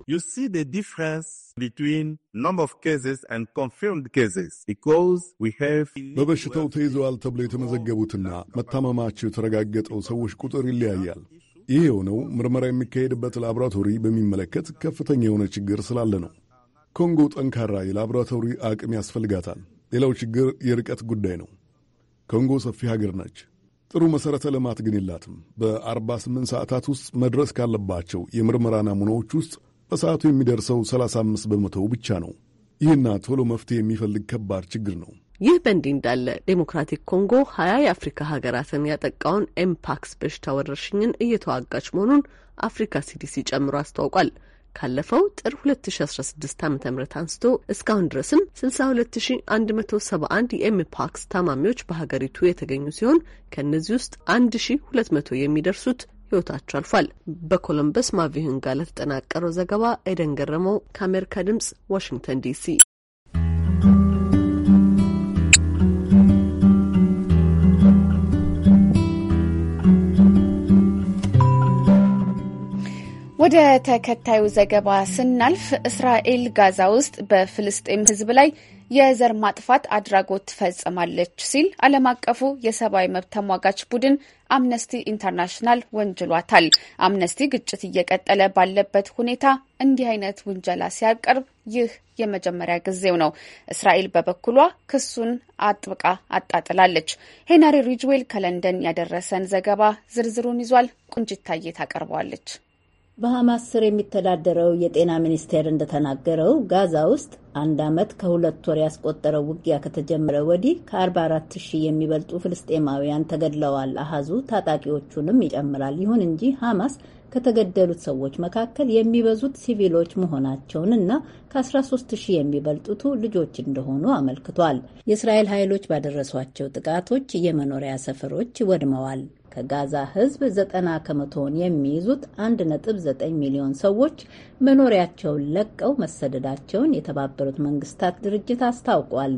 በበሽታው ተይዘዋል ተብሎ የተመዘገቡትና መታመማቸው የተረጋገጠው ሰዎች ቁጥር ይለያያል። ይህ የሆነው ምርመራ የሚካሄድበት ላብራቶሪ በሚመለከት ከፍተኛ የሆነ ችግር ስላለ ነው። ኮንጎ ጠንካራ የላብራቶሪ አቅም ያስፈልጋታል። ሌላው ችግር የርቀት ጉዳይ ነው። ኮንጎ ሰፊ ሀገር ነች። ጥሩ መሠረተ ልማት ግን የላትም። በ48 ሰዓታት ውስጥ መድረስ ካለባቸው የምርመራ ናሙናዎች ውስጥ በሰዓቱ የሚደርሰው 35 በመቶው ብቻ ነው። ይህና ቶሎ መፍትሄ የሚፈልግ ከባድ ችግር ነው። ይህ በእንዲህ እንዳለ ዴሞክራቲክ ኮንጎ ሀያ የአፍሪካ ሀገራትን ያጠቃውን ኤምፓክስ በሽታ ወረርሽኝን እየተዋጋች መሆኑን አፍሪካ ሲዲሲ ጨምሮ አስታውቋል። ካለፈው ጥር 2016 ዓ ም አንስቶ እስካሁን ድረስም 62171 የኤምፓክስ ታማሚዎች በሀገሪቱ የተገኙ ሲሆን ከእነዚህ ውስጥ 1200 የሚደርሱት ህይወታቸው አልፏል። በኮሎምበስ ማቪህንጋ ለተጠናቀረው ዘገባ ኤደን ገረመው ከአሜሪካ ድምጽ ዋሽንግተን ዲሲ ወደ ተከታዩ ዘገባ ስናልፍ እስራኤል ጋዛ ውስጥ በፍልስጤም ሕዝብ ላይ የዘር ማጥፋት አድራጎት ትፈጽማለች ሲል ዓለም አቀፉ የሰብአዊ መብት ተሟጋች ቡድን አምነስቲ ኢንተርናሽናል ወንጅሏታል። አምነስቲ ግጭት እየቀጠለ ባለበት ሁኔታ እንዲህ አይነት ውንጀላ ሲያቀርብ ይህ የመጀመሪያ ጊዜው ነው። እስራኤል በበኩሏ ክሱን አጥብቃ አጣጥላለች። ሄነሪ ሪጅዌል ከለንደን ያደረሰን ዘገባ ዝርዝሩን ይዟል። ቁንጅታዬ ታቀርበዋለች። በሐማስ ስር የሚተዳደረው የጤና ሚኒስቴር እንደተናገረው ጋዛ ውስጥ አንድ ዓመት ከሁለት ወር ያስቆጠረው ውጊያ ከተጀመረ ወዲህ ከ44 ሺህ የሚበልጡ ፍልስጤማውያን ተገድለዋል። አሃዙ ታጣቂዎቹንም ይጨምራል። ይሁን እንጂ ሐማስ ከተገደሉት ሰዎች መካከል የሚበዙት ሲቪሎች መሆናቸውንና ከ13 ሺህ የሚበልጡቱ ልጆች እንደሆኑ አመልክቷል። የእስራኤል ኃይሎች ባደረሷቸው ጥቃቶች የመኖሪያ ሰፈሮች ወድመዋል። ከጋዛ ህዝብ 90 ከመቶውን የሚይዙት 1.9 ሚሊዮን ሰዎች መኖሪያቸውን ለቀው መሰደዳቸውን የተባበሩት መንግስታት ድርጅት አስታውቋል።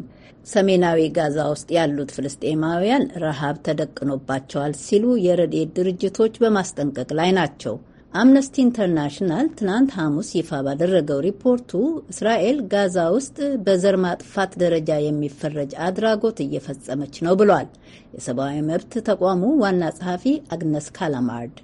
ሰሜናዊ ጋዛ ውስጥ ያሉት ፍልስጤማውያን ረሃብ ተደቅኖባቸዋል ሲሉ የረድኤት ድርጅቶች በማስጠንቀቅ ላይ ናቸው። አምነስቲ ኢንተርናሽናል ትናንት ሐሙስ ይፋ ባደረገው ሪፖርቱ እስራኤል ጋዛ ውስጥ በዘር ማጥፋት ደረጃ የሚፈረጅ አድራጎት እየፈጸመች ነው ብሏል። የሰብአዊ መብት ተቋሙ ዋና ጸሐፊ አግነስ ካላማርድ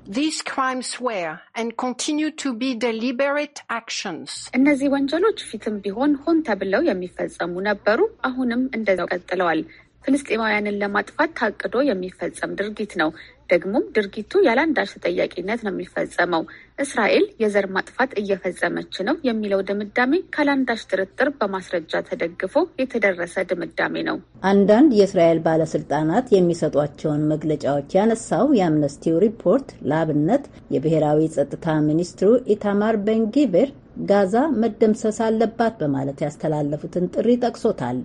እነዚህ ወንጀሎች ፊትም ቢሆን ሆን ተብለው የሚፈጸሙ ነበሩ፣ አሁንም እንደዚያው ቀጥለዋል። ፍልስጤማውያንን ለማጥፋት ታቅዶ የሚፈጸም ድርጊት ነው። ደግሞም ድርጊቱ ያለአንዳች ተጠያቂነት ነው የሚፈጸመው። እስራኤል የዘር ማጥፋት እየፈጸመች ነው የሚለው ድምዳሜ ካላንዳች ጥርጥር በማስረጃ ተደግፎ የተደረሰ ድምዳሜ ነው። አንዳንድ የእስራኤል ባለስልጣናት የሚሰጧቸውን መግለጫዎች ያነሳው የአምነስቲው ሪፖርት ለአብነት የብሔራዊ ጸጥታ ሚኒስትሩ ኢታማር ቤንጊቪር ጋዛ መደምሰስ አለባት በማለት ያስተላለፉትን ጥሪ ጠቅሶታል።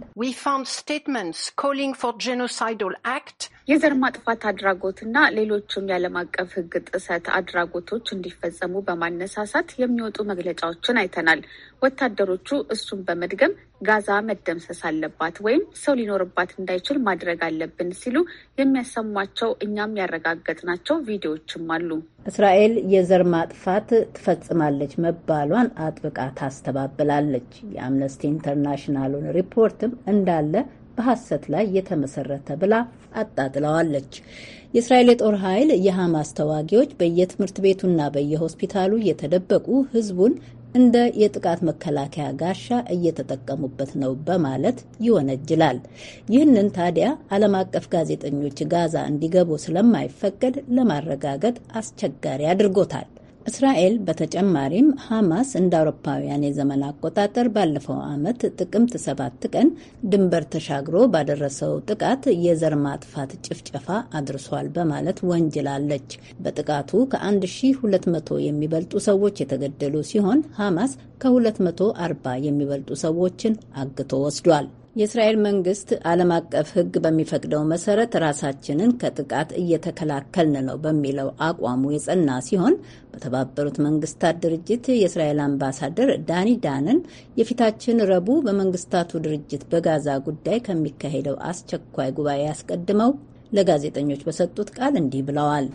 የዘር ማጥፋት አድራጎትና ሌሎችም የዓለም አቀፍ ሕግ ጥሰት አድራጎቶች እንዲፈጸሙ በማነሳሳት የሚወጡ መግለጫዎችን አይተናል። ወታደሮቹ እሱን በመድገም ጋዛ መደምሰስ አለባት ወይም ሰው ሊኖርባት እንዳይችል ማድረግ አለብን ሲሉ የሚያሰሟቸው እኛም ያረጋገጥናቸው ቪዲዮዎችም አሉ። እስራኤል የዘር ማጥፋት ትፈጽማለች መባሏን አጥብቃ ታስተባብላለች። የአምነስቲ ኢንተርናሽናሉን ሪፖርትም እንዳለ በሐሰት ላይ የተመሰረተ ብላ አጣጥለዋለች። የእስራኤል የጦር ኃይል የሐማስ ተዋጊዎች በየትምህርት ቤቱና በየሆስፒታሉ እየተደበቁ ህዝቡን እንደ የጥቃት መከላከያ ጋሻ እየተጠቀሙበት ነው በማለት ይወነጅላል። ይህንን ታዲያ ዓለም አቀፍ ጋዜጠኞች ጋዛ እንዲገቡ ስለማይፈቀድ ለማረጋገጥ አስቸጋሪ አድርጎታል። እስራኤል በተጨማሪም ሐማስ እንደ አውሮፓውያን የዘመን አቆጣጠር ባለፈው ዓመት ጥቅምት ሰባት ቀን ድንበር ተሻግሮ ባደረሰው ጥቃት የዘር ማጥፋት ጭፍጨፋ አድርሷል በማለት ወንጅላለች። በጥቃቱ ከ1200 የሚበልጡ ሰዎች የተገደሉ ሲሆን ሐማስ ከ240 የሚበልጡ ሰዎችን አግቶ ወስዷል። የእስራኤል መንግስት ዓለም አቀፍ ሕግ በሚፈቅደው መሰረት ራሳችንን ከጥቃት እየተከላከልን ነው በሚለው አቋሙ የጸና ሲሆን በተባበሩት መንግስታት ድርጅት የእስራኤል አምባሳደር ዳኒ ዳንን የፊታችን ረቡዕ በመንግስታቱ ድርጅት በጋዛ ጉዳይ ከሚካሄደው አስቸኳይ ጉባኤ አስቀድመው ለጋዜጠኞች በሰጡት ቃል እንዲህ ብለዋል።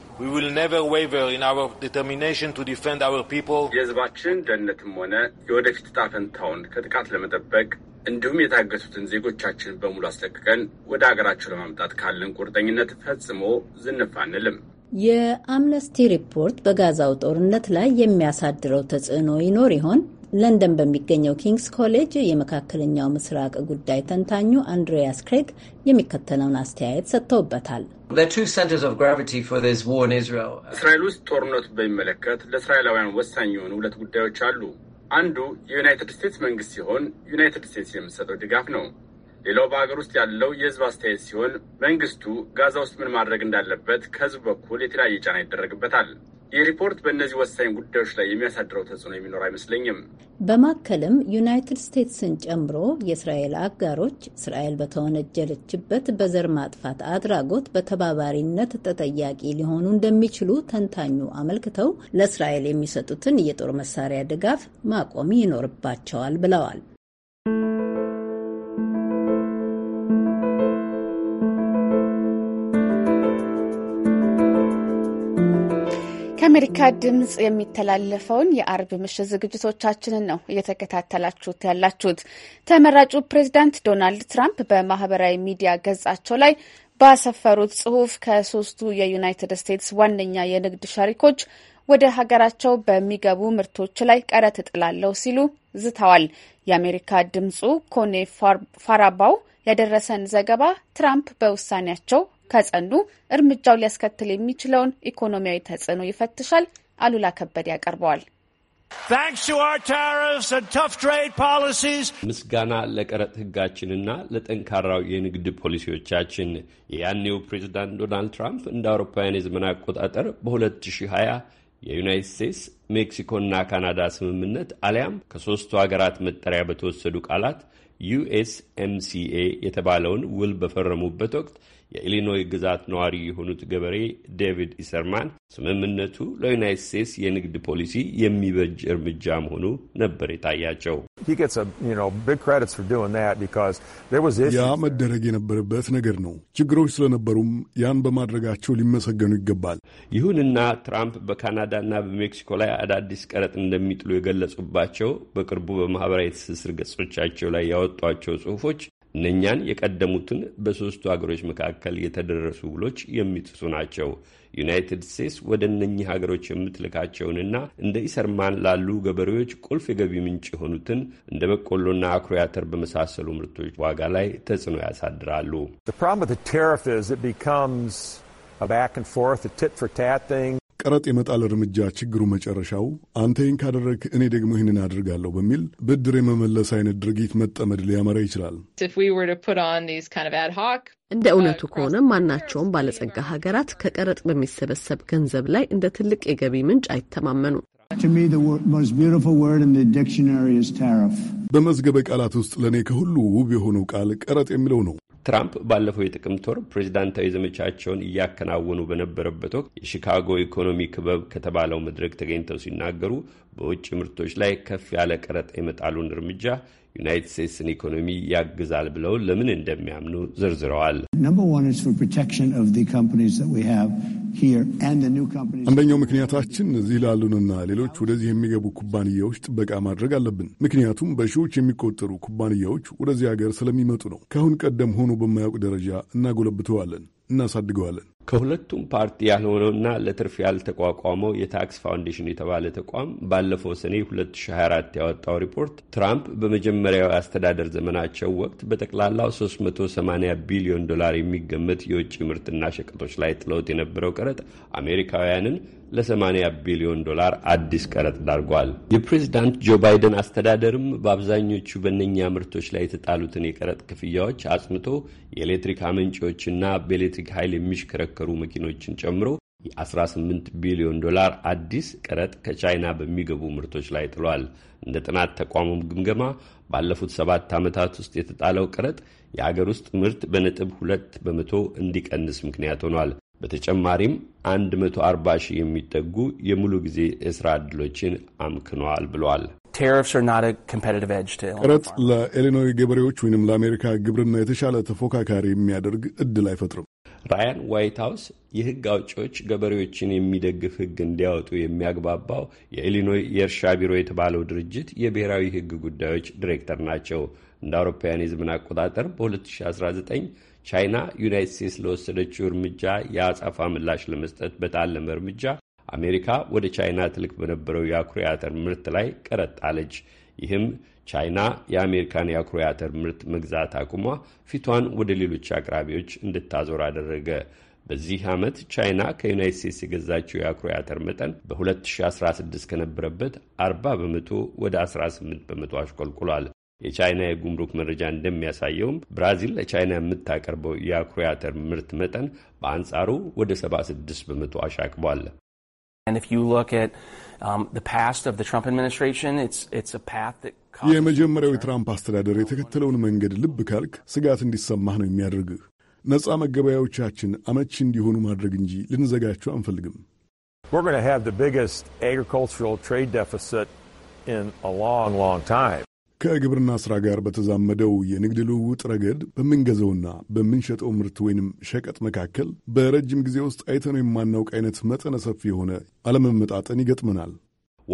የህዝባችን ደህንነትም ሆነ የወደፊት ጣፈንታውን ፈንታውን ከጥቃት ለመጠበቅ እንዲሁም የታገቱትን ዜጎቻችን በሙሉ አስለቅቀን ወደ ሀገራቸው ለማምጣት ካለን ቁርጠኝነት ፈጽሞ ዝንፍ አንልም። የአምነስቲ ሪፖርት በጋዛው ጦርነት ላይ የሚያሳድረው ተጽዕኖ ይኖር ይሆን? ለንደን በሚገኘው ኪንግስ ኮሌጅ የመካከለኛው ምስራቅ ጉዳይ ተንታኙ አንድሪያስ ክሬግ የሚከተለውን አስተያየት ሰጥተውበታል። እስራኤል ውስጥ ጦርነቱ በሚመለከት ለእስራኤላውያን ወሳኝ የሆኑ ሁለት ጉዳዮች አሉ። አንዱ የዩናይትድ ስቴትስ መንግስት ሲሆን ዩናይትድ ስቴትስ የምትሰጠው ድጋፍ ነው። ሌላው በሀገር ውስጥ ያለው የህዝብ አስተያየት ሲሆን መንግስቱ ጋዛ ውስጥ ምን ማድረግ እንዳለበት ከህዝብ በኩል የተለያየ ጫና ይደረግበታል። ይህ ሪፖርት በእነዚህ ወሳኝ ጉዳዮች ላይ የሚያሳድረው ተጽዕኖ የሚኖር አይመስለኝም። በማከልም ዩናይትድ ስቴትስን ጨምሮ የእስራኤል አጋሮች እስራኤል በተወነጀለችበት በዘር ማጥፋት አድራጎት በተባባሪነት ተጠያቂ ሊሆኑ እንደሚችሉ ተንታኙ አመልክተው ለእስራኤል የሚሰጡትን የጦር መሳሪያ ድጋፍ ማቆም ይኖርባቸዋል ብለዋል። ከአሜሪካ ድምፅ የሚተላለፈውን የአርብ ምሽት ዝግጅቶቻችንን ነው እየተከታተላችሁት ያላችሁት። ተመራጩ ፕሬዚዳንት ዶናልድ ትራምፕ በማህበራዊ ሚዲያ ገጻቸው ላይ ባሰፈሩት ጽሁፍ ከሶስቱ የዩናይትድ ስቴትስ ዋነኛ የንግድ ሸሪኮች ወደ ሀገራቸው በሚገቡ ምርቶች ላይ ቀረጥ እጥላለሁ ሲሉ ዝተዋል። የአሜሪካ ድምጹ ኮኔ ፋራባው ያደረሰን ዘገባ ትራምፕ በውሳኔያቸው ከጸኑ እርምጃው ሊያስከትል የሚችለውን ኢኮኖሚያዊ ተጽዕኖ ይፈትሻል። አሉላ ከበድ ያቀርበዋል። ምስጋና ለቀረጥ ሕጋችንና ለጠንካራው የንግድ ፖሊሲዎቻችን የያኔው ፕሬዚዳንት ዶናልድ ትራምፕ እንደ አውሮፓውያን የዘመን አቆጣጠር በ2020 የዩናይት ስቴትስ ሜክሲኮና ካናዳ ስምምነት አሊያም ከሦስቱ ሀገራት መጠሪያ በተወሰዱ ቃላት ዩኤስኤምሲኤ የተባለውን ውል በፈረሙበት ወቅት የኢሊኖይ ግዛት ነዋሪ የሆኑት ገበሬ ዴቪድ ኢሰርማን ስምምነቱ ለዩናይት ስቴትስ የንግድ ፖሊሲ የሚበጅ እርምጃ መሆኑ ነበር የታያቸው። ያ መደረግ የነበረበት ነገር ነው። ችግሮች ስለነበሩም ያን በማድረጋቸው ሊመሰገኑ ይገባል። ይሁንና ትራምፕ በካናዳና በሜክሲኮ ላይ አዳዲስ ቀረጥ እንደሚጥሉ የገለጹባቸው በቅርቡ በማህበራዊ ትስስር ገጾቻቸው ላይ ያወጧቸው ጽሁፎች እነኛን የቀደሙትን በሦስቱ አገሮች መካከል የተደረሱ ውሎች የሚጥሱ ናቸው። ዩናይትድ ስቴትስ ወደ እነኚህ ሀገሮች የምትልካቸውንና እንደ ኢሰርማን ላሉ ገበሬዎች ቁልፍ የገቢ ምንጭ የሆኑትን እንደ በቆሎና አኩሪ አተር በመሳሰሉ ምርቶች ዋጋ ላይ ተጽዕኖ ያሳድራሉ። ቀረጥ የመጣል እርምጃ ችግሩ መጨረሻው አንተ ይህን ካደረግክ እኔ ደግሞ ይህንን አድርጋለሁ በሚል ብድር የመመለስ አይነት ድርጊት መጠመድ ሊያመራ ይችላል። እንደ እውነቱ ከሆነ ማናቸውም ባለጸጋ ሀገራት ከቀረጥ በሚሰበሰብ ገንዘብ ላይ እንደ ትልቅ የገቢ ምንጭ አይተማመኑም። በመዝገበ ቃላት ውስጥ ለእኔ ከሁሉ ውብ የሆነው ቃል ቀረጥ የሚለው ነው። ትራምፕ ባለፈው የጥቅምት ወር ፕሬዚዳንታዊ ዘመቻቸውን እያከናወኑ በነበረበት ወቅት የሺካጎ ኢኮኖሚ ክበብ ከተባለው መድረክ ተገኝተው ሲናገሩ በውጭ ምርቶች ላይ ከፍ ያለ ቀረጥ የመጣሉን እርምጃ ዩናይትድ ስቴትስን ኢኮኖሚ ያግዛል ብለው ለምን እንደሚያምኑ ዘርዝረዋል። አንደኛው ምክንያታችን እዚህ ላሉንና ሌሎች ወደዚህ የሚገቡ ኩባንያዎች ጥበቃ ማድረግ አለብን። ምክንያቱም በሺዎች የሚቆጠሩ ኩባንያዎች ወደዚህ ሀገር ስለሚመጡ ነው። ከአሁን ቀደም ሆኖ በማያውቅ ደረጃ እናጎለብተዋለን፣ እናሳድገዋለን። ከሁለቱም ፓርቲ ያልሆነውና ለትርፍ ያልተቋቋመው የታክስ ፋውንዴሽን የተባለ ተቋም ባለፈው ሰኔ 2024 ያወጣው ሪፖርት ትራምፕ በመጀመሪያው የአስተዳደር ዘመናቸው ወቅት በጠቅላላው 380 ቢሊዮን ዶላር የሚገመት የውጭ ምርትና ሸቀጦች ላይ ጥለውት የነበረው ቀረጥ አሜሪካውያንን ለ80 ቢሊዮን ዶላር አዲስ ቀረጥ ዳርጓል። የፕሬዚዳንት ጆ ባይደን አስተዳደርም በአብዛኞቹ በእነኛ ምርቶች ላይ የተጣሉትን የቀረጥ ክፍያዎች አጽንቶ የኤሌክትሪክ አመንጪዎችና በኤሌክትሪክ ኃይል የሚሽከረ የሚሽከረከሩ መኪኖችን ጨምሮ የ18 ቢሊዮን ዶላር አዲስ ቀረጥ ከቻይና በሚገቡ ምርቶች ላይ ጥሏል። እንደ ጥናት ተቋሙም ግምገማ ባለፉት ሰባት ዓመታት ውስጥ የተጣለው ቀረጥ የአገር ውስጥ ምርት በነጥብ ሁለት በመቶ እንዲቀንስ ምክንያት ሆኗል። በተጨማሪም 140 ሺህ የሚጠጉ የሙሉ ጊዜ የስራ ዕድሎችን አምክኗል ብሏል። ቀረጥ ለኢሊኖይ ገበሬዎች ወይም ለአሜሪካ ግብርና የተሻለ ተፎካካሪ የሚያደርግ እድል አይፈጥርም። ራያን ዋይት ሀውስ የህግ አውጪዎች ገበሬዎችን የሚደግፍ ህግ እንዲያወጡ የሚያግባባው የኢሊኖይ የእርሻ ቢሮ የተባለው ድርጅት የብሔራዊ ህግ ጉዳዮች ዲሬክተር ናቸው። እንደ አውሮፓውያን የዘመን አቆጣጠር በ2019 ቻይና ዩናይት ስቴትስ ለወሰደችው እርምጃ የአጻፋ ምላሽ ለመስጠት በታለመ እርምጃ አሜሪካ ወደ ቻይና ትልቅ በነበረው የአኩሪ አተር ምርት ላይ ቀረጥ አለች። ይህም ቻይና የአሜሪካን የአኩሪ አተር ምርት መግዛት አቁሟ ፊቷን ወደ ሌሎች አቅራቢዎች እንድታዞር አደረገ። በዚህ ዓመት ቻይና ከዩናይት ስቴትስ የገዛችው የአኩሪ አተር መጠን በ2016 ከነበረበት 40 በመቶ ወደ 18 በመቶ አሽቆልቁሏል። የቻይና የጉምሩክ መረጃ እንደሚያሳየውም ብራዚል ለቻይና የምታቀርበው የአኩሪ አተር ምርት መጠን በአንጻሩ ወደ 76 በመቶ አሻቅቧል። um, the past of the Trump administration. It's, it's a path that የመጀመሪያው የትራምፕ አስተዳደር የተከተለውን መንገድ ልብ ካልክ ስጋት እንዲሰማህ ነው የሚያደርግህ። ነፃ መገበያዎቻችን አመቺ እንዲሆኑ ማድረግ እንጂ ልንዘጋቸው አንፈልግም። We're going to have the biggest agricultural trade deficit in a long, long time. ከግብርና ስራ ጋር በተዛመደው የንግድ ልውውጥ ረገድ በምንገዛውና በምንሸጠው ምርት ወይንም ሸቀጥ መካከል በረጅም ጊዜ ውስጥ አይተነው የማናውቅ አይነት መጠነ ሰፊ የሆነ አለመመጣጠን ይገጥመናል።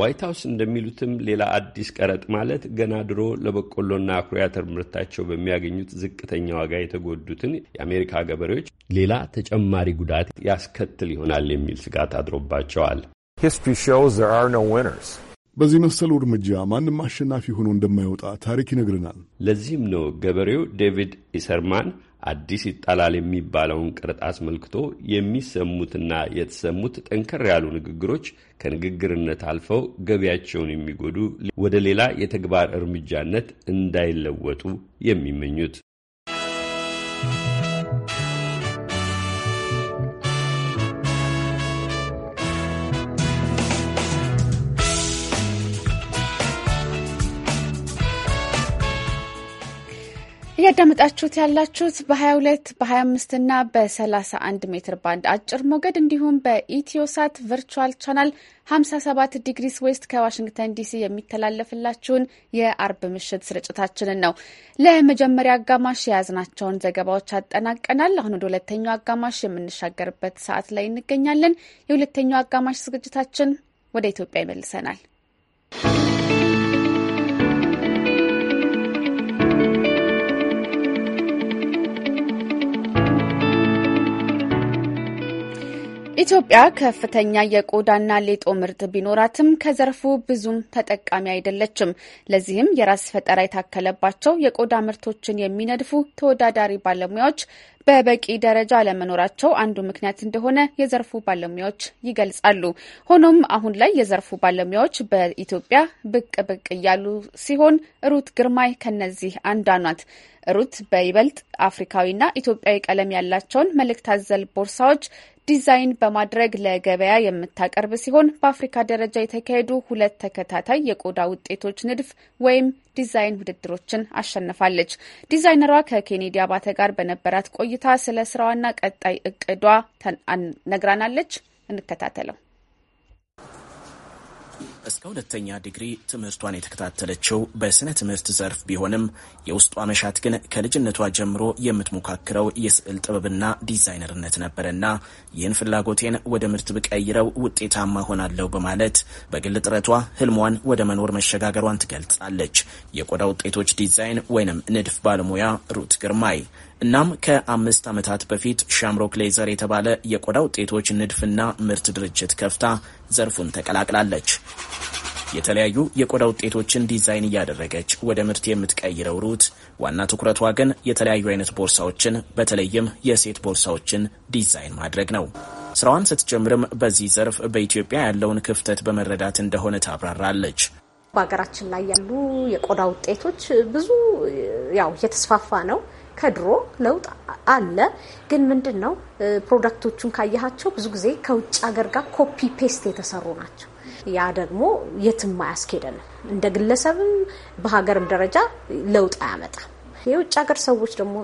ዋይት ሀውስ እንደሚሉትም ሌላ አዲስ ቀረጥ ማለት ገና ድሮ ለበቆሎና አኩሪ አተር ምርታቸው በሚያገኙት ዝቅተኛ ዋጋ የተጎዱትን የአሜሪካ ገበሬዎች ሌላ ተጨማሪ ጉዳት ያስከትል ይሆናል የሚል ስጋት አድሮባቸዋል። ኖ ዊነርስ በዚህ መሰሉ እርምጃ ማንም አሸናፊ ሆኖ እንደማይወጣ ታሪክ ይነግረናል። ለዚህም ነው ገበሬው ዴቪድ ኢሰርማን አዲስ ይጣላል የሚባለውን ቅርጥ አስመልክቶ የሚሰሙትና የተሰሙት ጠንከር ያሉ ንግግሮች ከንግግርነት አልፈው ገቢያቸውን የሚጎዱ ወደ ሌላ የተግባር እርምጃነት እንዳይለወጡ የሚመኙት። እያዳመጣችሁት ያላችሁት በ22 በ25 እና በ31 ሜትር ባንድ አጭር ሞገድ እንዲሁም በኢትዮሳት ቨርቹዋል ቻናል 57 ዲግሪስ ዌስት ከዋሽንግተን ዲሲ የሚተላለፍላችሁን የአርብ ምሽት ስርጭታችንን ነው። ለመጀመሪያ አጋማሽ የያዝናቸውን ዘገባዎች አጠናቀናል። አሁን ወደ ሁለተኛው አጋማሽ የምንሻገርበት ሰዓት ላይ እንገኛለን። የሁለተኛው አጋማሽ ዝግጅታችን ወደ ኢትዮጵያ ይመልሰናል። ኢትዮጵያ ከፍተኛ የቆዳና ሌጦ ምርት ቢኖራትም ከዘርፉ ብዙም ተጠቃሚ አይደለችም። ለዚህም የራስ ፈጠራ የታከለባቸው የቆዳ ምርቶችን የሚነድፉ ተወዳዳሪ ባለሙያዎች በበቂ ደረጃ አለመኖራቸው አንዱ ምክንያት እንደሆነ የዘርፉ ባለሙያዎች ይገልጻሉ። ሆኖም አሁን ላይ የዘርፉ ባለሙያዎች በኢትዮጵያ ብቅ ብቅ እያሉ ሲሆን ሩት ግርማይ ከነዚህ አንዷ ናት። ሩት በይበልጥ አፍሪካዊና ኢትዮጵያዊ ቀለም ያላቸውን መልእክት አዘል ቦርሳዎች ዲዛይን በማድረግ ለገበያ የምታቀርብ ሲሆን በአፍሪካ ደረጃ የተካሄዱ ሁለት ተከታታይ የቆዳ ውጤቶች ንድፍ ወይም ዲዛይን ውድድሮችን አሸንፋለች። ዲዛይነሯ ከኬኔዲ አባተ ጋር በነበራት ቆይታ ስለ ስራዋና ቀጣይ እቅዷ ነግራናለች። እንከታተለው። እስከ ሁለተኛ ዲግሪ ትምህርቷን የተከታተለችው በስነ ትምህርት ዘርፍ ቢሆንም የውስጧ መሻት ግን ከልጅነቷ ጀምሮ የምትሞካክረው የስዕል ጥበብና ዲዛይነርነት ነበረና ይህን ፍላጎቴን ወደ ምርት ብቀይረው ውጤታማ ሆናለሁ በማለት በግል ጥረቷ ህልሟን ወደ መኖር መሸጋገሯን ትገልጻለች። የቆዳ ውጤቶች ዲዛይን ወይንም ንድፍ ባለሙያ ሩት ግርማይ እናም ከአምስት ዓመታት በፊት ሻምሮክ ሌዘር የተባለ የቆዳ ውጤቶች ንድፍና ምርት ድርጅት ከፍታ ዘርፉን ተቀላቅላለች። የተለያዩ የቆዳ ውጤቶችን ዲዛይን እያደረገች ወደ ምርት የምትቀይረው ሩት ዋና ትኩረቷ ግን የተለያዩ አይነት ቦርሳዎችን በተለይም የሴት ቦርሳዎችን ዲዛይን ማድረግ ነው። ስራዋን ስትጀምርም በዚህ ዘርፍ በኢትዮጵያ ያለውን ክፍተት በመረዳት እንደሆነ ታብራራለች። በሀገራችን ላይ ያሉ የቆዳ ውጤቶች ብዙ ያው እየተስፋፋ ነው ከድሮ ለውጥ አለ። ግን ምንድን ነው ፕሮዳክቶቹን ካየሃቸው ብዙ ጊዜ ከውጭ ሀገር ጋር ኮፒ ፔስት የተሰሩ ናቸው። ያ ደግሞ የትም አያስኬደንም። እንደ ግለሰብም በሀገርም ደረጃ ለውጥ አያመጣም። የውጭ ሀገር ሰዎች ደግሞ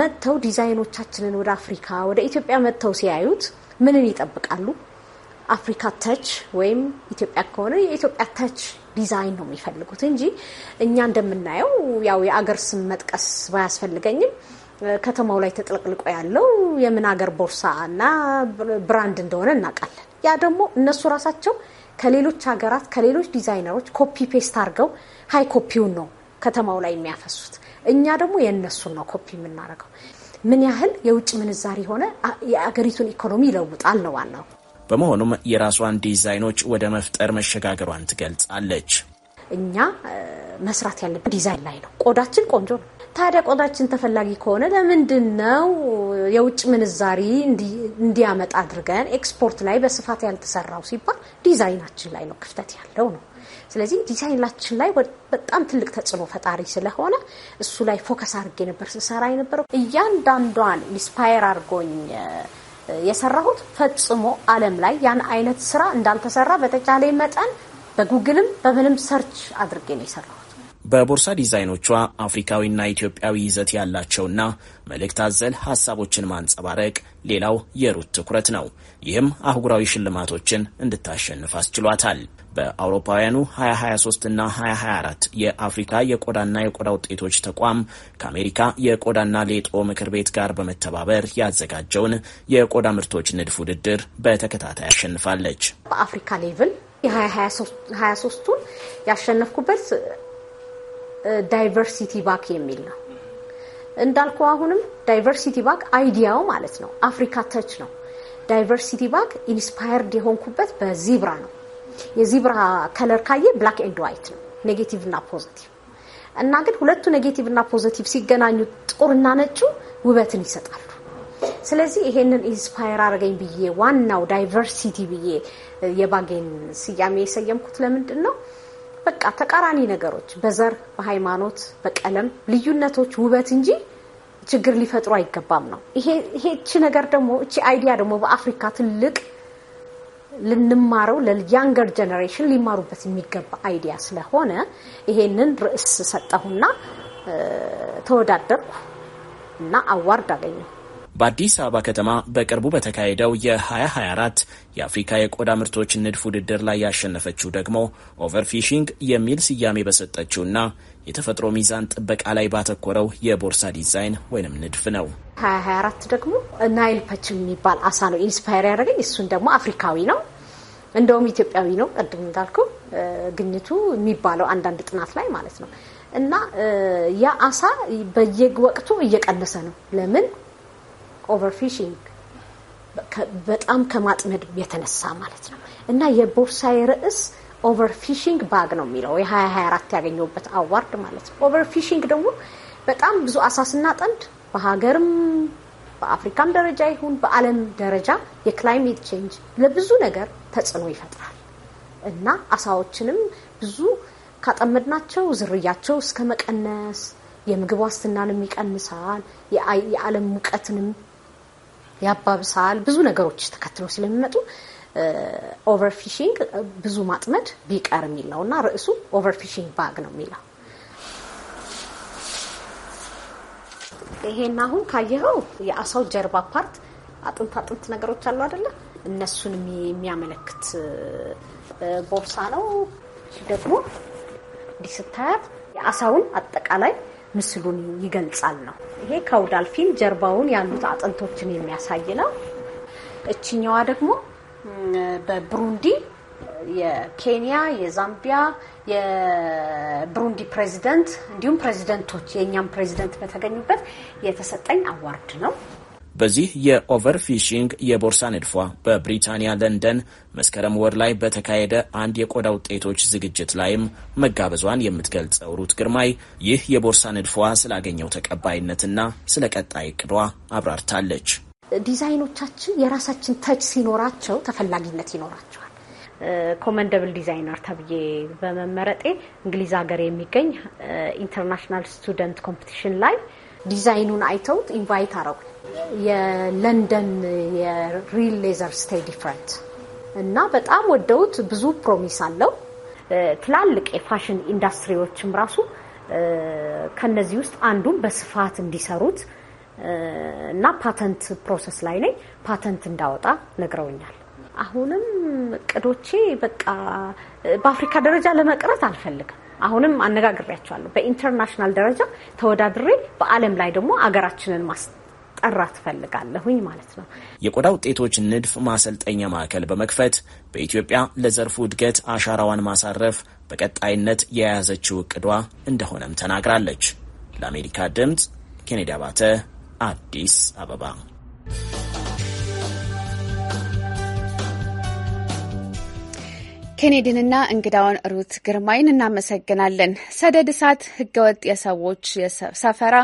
መጥተው ዲዛይኖቻችንን ወደ አፍሪካ ወደ ኢትዮጵያ መጥተው ሲያዩት ምንን ይጠብቃሉ? አፍሪካ ተች ወይም ኢትዮጵያ ከሆነ የኢትዮጵያ ተች ዲዛይን ነው የሚፈልጉት እንጂ እኛ እንደምናየው ያው የአገር ስም መጥቀስ ባያስፈልገኝም ከተማው ላይ ተጥለቅልቆ ያለው የምን አገር ቦርሳ እና ብራንድ እንደሆነ እናውቃለን። ያ ደግሞ እነሱ ራሳቸው ከሌሎች ሀገራት ከሌሎች ዲዛይነሮች ኮፒ ፔስት አድርገው ሀይ ኮፒውን ነው ከተማው ላይ የሚያፈሱት። እኛ ደግሞ የእነሱን ነው ኮፒ የምናደርገው። ምን ያህል የውጭ ምንዛሪ ሆነ የአገሪቱን ኢኮኖሚ ይለውጣል ነው ዋናው። በመሆኑም የራሷን ዲዛይኖች ወደ መፍጠር መሸጋገሯን ትገልጻለች። እኛ መስራት ያለብን ዲዛይን ላይ ነው። ቆዳችን ቆንጆ ነው። ታዲያ ቆዳችን ተፈላጊ ከሆነ ለምንድን ነው የውጭ ምንዛሪ እንዲያመጣ አድርገን ኤክስፖርት ላይ በስፋት ያልተሰራው ሲባል ዲዛይናችን ላይ ነው ክፍተት ያለው ነው። ስለዚህ ዲዛይናችን ላይ በጣም ትልቅ ተጽዕኖ ፈጣሪ ስለሆነ እሱ ላይ ፎከስ አድርጌ ነበር ስሰራ የነበረው እያንዳንዷን ኢንስፓየር አድርጎኝ የሰራሁት ፈጽሞ ዓለም ላይ ያን አይነት ስራ እንዳልተሰራ በተቻለ መጠን በጉግልም በምንም ሰርች አድርጌ ነው የሰራሁት። በቦርሳ ዲዛይኖቿ አፍሪካዊና ኢትዮጵያዊ ይዘት ያላቸውና መልእክት አዘል ሀሳቦችን ማንጸባረቅ ሌላው የሩት ትኩረት ነው። ይህም አህጉራዊ ሽልማቶችን እንድታሸንፍ አስችሏታል። በአውሮፓውያኑ 2023 እና 2024 የአፍሪካ የቆዳና የቆዳ ውጤቶች ተቋም ከአሜሪካ የቆዳና ሌጦ ምክር ቤት ጋር በመተባበር ያዘጋጀውን የቆዳ ምርቶች ንድፍ ውድድር በተከታታይ አሸንፋለች። በአፍሪካ ሌቭል የ2023ቱን ያሸነፍኩበት ዳይቨርሲቲ ባክ የሚል ነው። እንዳልኩ አሁንም ዳይቨርሲቲ ባክ አይዲያው ማለት ነው አፍሪካ ተች ነው። ዳይቨርሲቲ ባክ ኢንስፓየርድ የሆንኩበት በዚብራ ነው። የዚብራ ከለር ካየ ብላክ ኤንድ ዋይት ነው፣ ኔጌቲቭ እና ፖዘቲቭ እና ግን ሁለቱ ኔጌቲቭ እና ፖዘቲቭ ሲገናኙ ጥቁርና ነጩ ውበትን ይሰጣሉ። ስለዚህ ይሄንን ኢንስፓየር አድርገኝ ብዬ ዋናው ዳይቨርሲቲ ብዬ የባጌን ስያሜ የሰየምኩት ለምንድን ነው? በቃ ተቃራኒ ነገሮች በዘር፣ በሃይማኖት፣ በቀለም ልዩነቶች ውበት እንጂ ችግር ሊፈጥሩ አይገባም ነው። ይሄ እቺ ነገር ደግሞ እቺ አይዲያ ደግሞ በአፍሪካ ትልቅ ልንማረው ለያንገር ጀኔሬሽን ሊማሩበት የሚገባ አይዲያ ስለሆነ ይሄንን ርዕስ ሰጠሁና ተወዳደርኩ እና አዋርድ አገኘሁ። በአዲስ አበባ ከተማ በቅርቡ በተካሄደው የ2024 የአፍሪካ የቆዳ ምርቶች ንድፍ ውድድር ላይ ያሸነፈችው ደግሞ ኦቨርፊሽንግ የሚል ስያሜ በሰጠችውና የተፈጥሮ ሚዛን ጥበቃ ላይ ባተኮረው የቦርሳ ዲዛይን ወይንም ንድፍ ነው። 2024 ደግሞ ናይል ፐች የሚባል አሳ ነው ኢንስፓየር ያደረገኝ። እሱን ደግሞ አፍሪካዊ ነው እንደውም ኢትዮጵያዊ ነው። ቅድም እንዳልኩ ግኝቱ የሚባለው አንዳንድ ጥናት ላይ ማለት ነው እና ያ አሳ በየወቅቱ እየቀነሰ ነው። ለምን ኦቨርፊሽንግ በጣም ከማጥመድ የተነሳ ማለት ነው እና የቦርሳዬ ርዕስ ኦቨርፊሽንግ ባግ ነው የሚለው የ2024 ያገኘሁበት አዋርድ ማለት ነው። ኦቨርፊሽንግ ደግሞ በጣም ብዙ አሳ ስናጠምድ በሀገርም በአፍሪካም ደረጃ ይሁን በዓለም ደረጃ የክላይሜት ቼንጅ ለብዙ ነገር ተጽዕኖ ይፈጥራል እና አሳዎችንም ብዙ ካጠመድናቸው ዝርያቸው እስከ መቀነስ የምግብ ዋስትናንም ይቀንሳል፣ የዓለም ሙቀትንም ያባብሳል። ብዙ ነገሮች ተከትለው ስለሚመጡ ኦቨርፊሽንግ ብዙ ማጥመድ ቢቀር የሚለው እና ርዕሱ ኦቨርፊሽንግ ባግ ነው የሚለው ይሄን አሁን ካየኸው የአሳው ጀርባ ፓርት አጥንት አጥንት ነገሮች አሉ አይደለ? እነሱን የሚያመለክት ቦርሳ ነው። ደግሞ እንዲህ ስታያት የአሳውን አጠቃላይ ምስሉን ይገልጻል ነው ይሄ ከውዳልፊን ጀርባውን ያሉት አጥንቶችን የሚያሳይ ነው። እችኛዋ ደግሞ በብሩንዲ የኬንያ፣ የዛምቢያ፣ የብሩንዲ ፕሬዚደንት እንዲሁም ፕሬዚደንቶች የእኛም ፕሬዚደንት በተገኙበት የተሰጠኝ አዋርድ ነው። በዚህ የኦቨር ፊሽንግ የቦርሳ ንድፏ በብሪታንያ ለንደን መስከረም ወር ላይ በተካሄደ አንድ የቆዳ ውጤቶች ዝግጅት ላይም መጋበዟን የምትገልጸው ሩት ግርማይ ይህ የቦርሳ ንድፏ ስላገኘው ተቀባይነትና ስለ ቀጣይ እቅዷ አብራርታለች። ዲዛይኖቻችን የራሳችን ተች ሲኖራቸው ተፈላጊነት ይኖራቸዋል። ኮመንደብል ዲዛይነር ተብዬ በመመረጤ እንግሊዝ ሀገር የሚገኝ ኢንተርናሽናል ስቱደንት ኮምፒቲሽን ላይ ዲዛይኑን አይተውት ኢንቫይት አረጉኝ። የለንደን የሪል ሌዘር ስቴይ ዲፍረንት እና በጣም ወደውት ብዙ ፕሮሚስ አለው። ትላልቅ የፋሽን ኢንዱስትሪዎችም ራሱ ከነዚህ ውስጥ አንዱን በስፋት እንዲሰሩት እና ፓተንት ፕሮሰስ ላይ ነኝ። ፓተንት እንዳወጣ ነግረውኛል። አሁንም እቅዶቼ በቃ በአፍሪካ ደረጃ ለመቅረት አልፈልግም። አሁንም አነጋግሬያቸዋለሁ። በኢንተርናሽናል ደረጃ ተወዳድሬ በዓለም ላይ ደግሞ አገራችንን ማስጠራት ትፈልጋለሁኝ ማለት ነው። የቆዳ ውጤቶች ንድፍ ማሰልጠኛ ማዕከል በመክፈት በኢትዮጵያ ለዘርፉ እድገት አሻራዋን ማሳረፍ በቀጣይነት የያዘችው እቅዷ እንደሆነም ተናግራለች። ለአሜሪካ ድምፅ ኬኔዲ አባተ አዲስ አበባ። ኬኔዲንና እንግዳውን ሩት ግርማይን እናመሰግናለን። ሰደድ እሳት፣ ህገወጥ የሰዎች ሰፈራ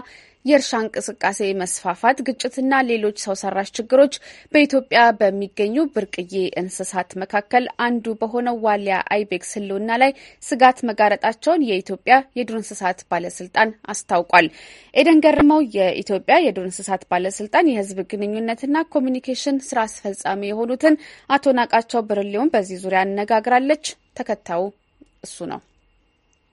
የእርሻ እንቅስቃሴ መስፋፋት፣ ግጭትና ሌሎች ሰው ሰራሽ ችግሮች በኢትዮጵያ በሚገኙ ብርቅዬ እንስሳት መካከል አንዱ በሆነው ዋሊያ አይቤክስ ሕልውና ላይ ስጋት መጋረጣቸውን የኢትዮጵያ የዱር እንስሳት ባለስልጣን አስታውቋል። ኤደን ገርመው የኢትዮጵያ የዱር እንስሳት ባለስልጣን የህዝብ ግንኙነትና ኮሚኒኬሽን ስራ አስፈጻሚ የሆኑትን አቶ ናቃቸው ብርሌውን በዚህ ዙሪያ አነጋግራለች። ተከታዩ እሱ ነው።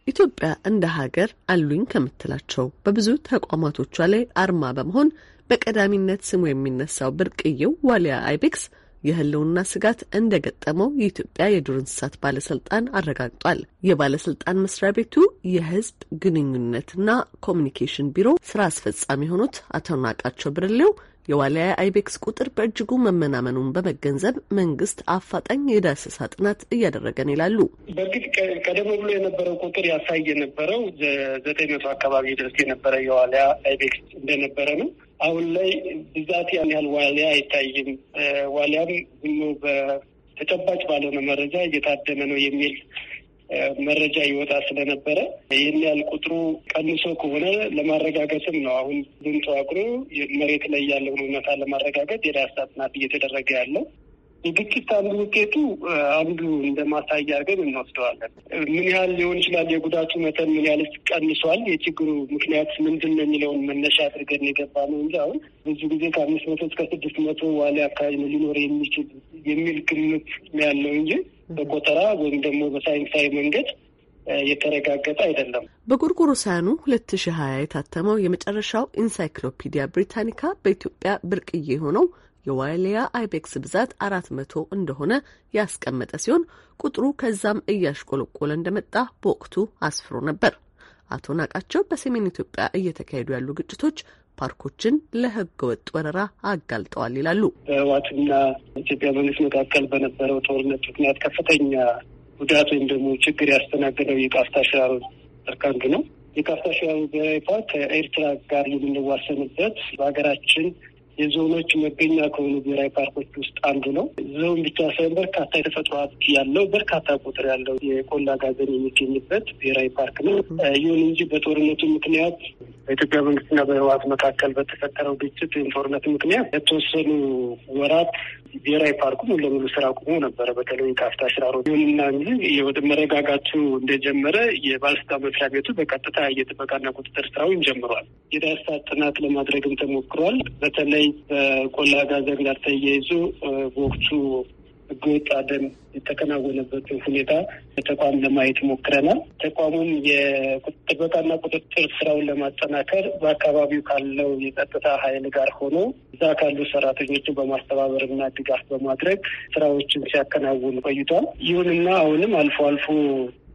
ኢትዮጵያ እንደ ሀገር አሉኝ ከምትላቸው በብዙ ተቋማቶቿ ላይ አርማ በመሆን በቀዳሚነት ስሙ የሚነሳው ብርቅዬው ዋሊያ አይቤክስ የህልውና ስጋት እንደገጠመው የኢትዮጵያ የዱር እንስሳት ባለስልጣን አረጋግጧል። የባለስልጣን መስሪያ ቤቱ የህዝብ ግንኙነትና ኮሚኒኬሽን ቢሮ ስራ አስፈጻሚ የሆኑት አቶ ናቃቸው ብርሌው የዋልያ አይቤክስ ቁጥር በእጅጉ መመናመኑን በመገንዘብ መንግስት አፋጣኝ የዳሰሳ ጥናት እያደረገን ይላሉ። በእርግጥ ቀደም ብሎ የነበረው ቁጥር ያሳይ የነበረው ዘጠኝ መቶ አካባቢ ድረስ የነበረ የዋልያ አይቤክስ እንደነበረ ነው። አሁን ላይ ብዛት ያን ያህል ዋሊያ አይታይም። ዋሊያም ዝሞ በተጨባጭ ባልሆነ መረጃ እየታደነ ነው የሚል መረጃ ይወጣ ስለነበረ ይህን ያህል ቁጥሩ ቀንሶ ከሆነ ለማረጋገጥም ነው አሁን ዙም ተዋቅሮ መሬት ላይ ያለውን እውነታ ለማረጋገጥ የዳሰሳ ጥናት እየተደረገ ያለው። የግጭት አንዱ ውጤቱ አንዱ እንደ ማሳያ አድርገን እንወስደዋለን። ምን ያህል ሊሆን ይችላል? የጉዳቱ መጠን ምን ያህል ቀንሷል? የችግሩ ምክንያት ምንድን ነው የሚለውን መነሻ አድርገን የገባ ነው እንጂ አሁን ብዙ ጊዜ ከአምስት መቶ እስከ ስድስት መቶ ዋሌ አካባቢ ሊኖር የሚችል የሚል ግምት ያለው እንጂ በቆጠራ ወይም ደግሞ በሳይንሳዊ መንገድ የተረጋገጠ አይደለም። በጎርጎሮሳውያኑ ሁለት ሺ ሀያ የታተመው የመጨረሻው ኢንሳይክሎፒዲያ ብሪታኒካ በኢትዮጵያ ብርቅዬ የሆነው የዋይሊያ አይቤክስ ብዛት አራት መቶ እንደሆነ ያስቀመጠ ሲሆን ቁጥሩ ከዛም እያሽቆለቆለ እንደመጣ በወቅቱ አስፍሮ ነበር። አቶ ናቃቸው በሰሜን ኢትዮጵያ እየተካሄዱ ያሉ ግጭቶች ፓርኮችን ወጥ ወረራ አጋልጠዋል ይላሉ። በህዋትና ኢትዮጵያ መንግስት መካከል በነበረው ጦርነት ምክንያት ከፍተኛ ጉዳት ወይም ደግሞ ችግር ያስተናገደው የቃፍታ ሽራሮ እርካንግ ነው። የካፍታ ሽራሮ ብሔራዊ ፓርክ ከኤርትራ ጋር የምንዋሰንበት በሀገራችን የዞኖች መገኛ ከሆኑ ብሔራዊ ፓርኮች ውስጥ አንዱ ነው። ዞን ብቻ ሳይሆን በርካታ የተፈጥሮ ሀብት ያለው በርካታ ቁጥር ያለው የቆላ ጋዘን የሚገኝበት ብሔራዊ ፓርክ ነው። ይሁን እንጂ በጦርነቱ ምክንያት በኢትዮጵያ መንግስትና በህወሓት መካከል በተፈጠረው ግጭት ወይም ጦርነት ምክንያት የተወሰኑ ወራት ብሔራዊ ፓርኩ ሙሉ ለሙሉ ስራ ቁሞ ነበረ። በተለይ ካፍታ ሽራሮ ይሁንና እንጂ ወደ መረጋጋቱ እንደጀመረ የባለስልጣን መስሪያ ቤቱ በቀጥታ የጥበቃና ቁጥጥር ስራውን ጀምሯል። የዳሰሳ ጥናት ለማድረግም ተሞክሯል። በተለይ በተለይ ቆላ ጋዘን ጋር ተያይዞ በወቅቱ ህገወጥ አደን የተከናወነበት ሁኔታ ተቋም ለማየት ሞክረናል። ተቋሙም የጥበቃና ቁጥጥር ስራውን ለማጠናከር በአካባቢው ካለው የጸጥታ ኃይል ጋር ሆኖ እዛ ካሉ ሰራተኞችን በማስተባበርና ድጋፍ በማድረግ ስራዎችን ሲያከናውን ቆይቷል። ይሁንና አሁንም አልፎ አልፎ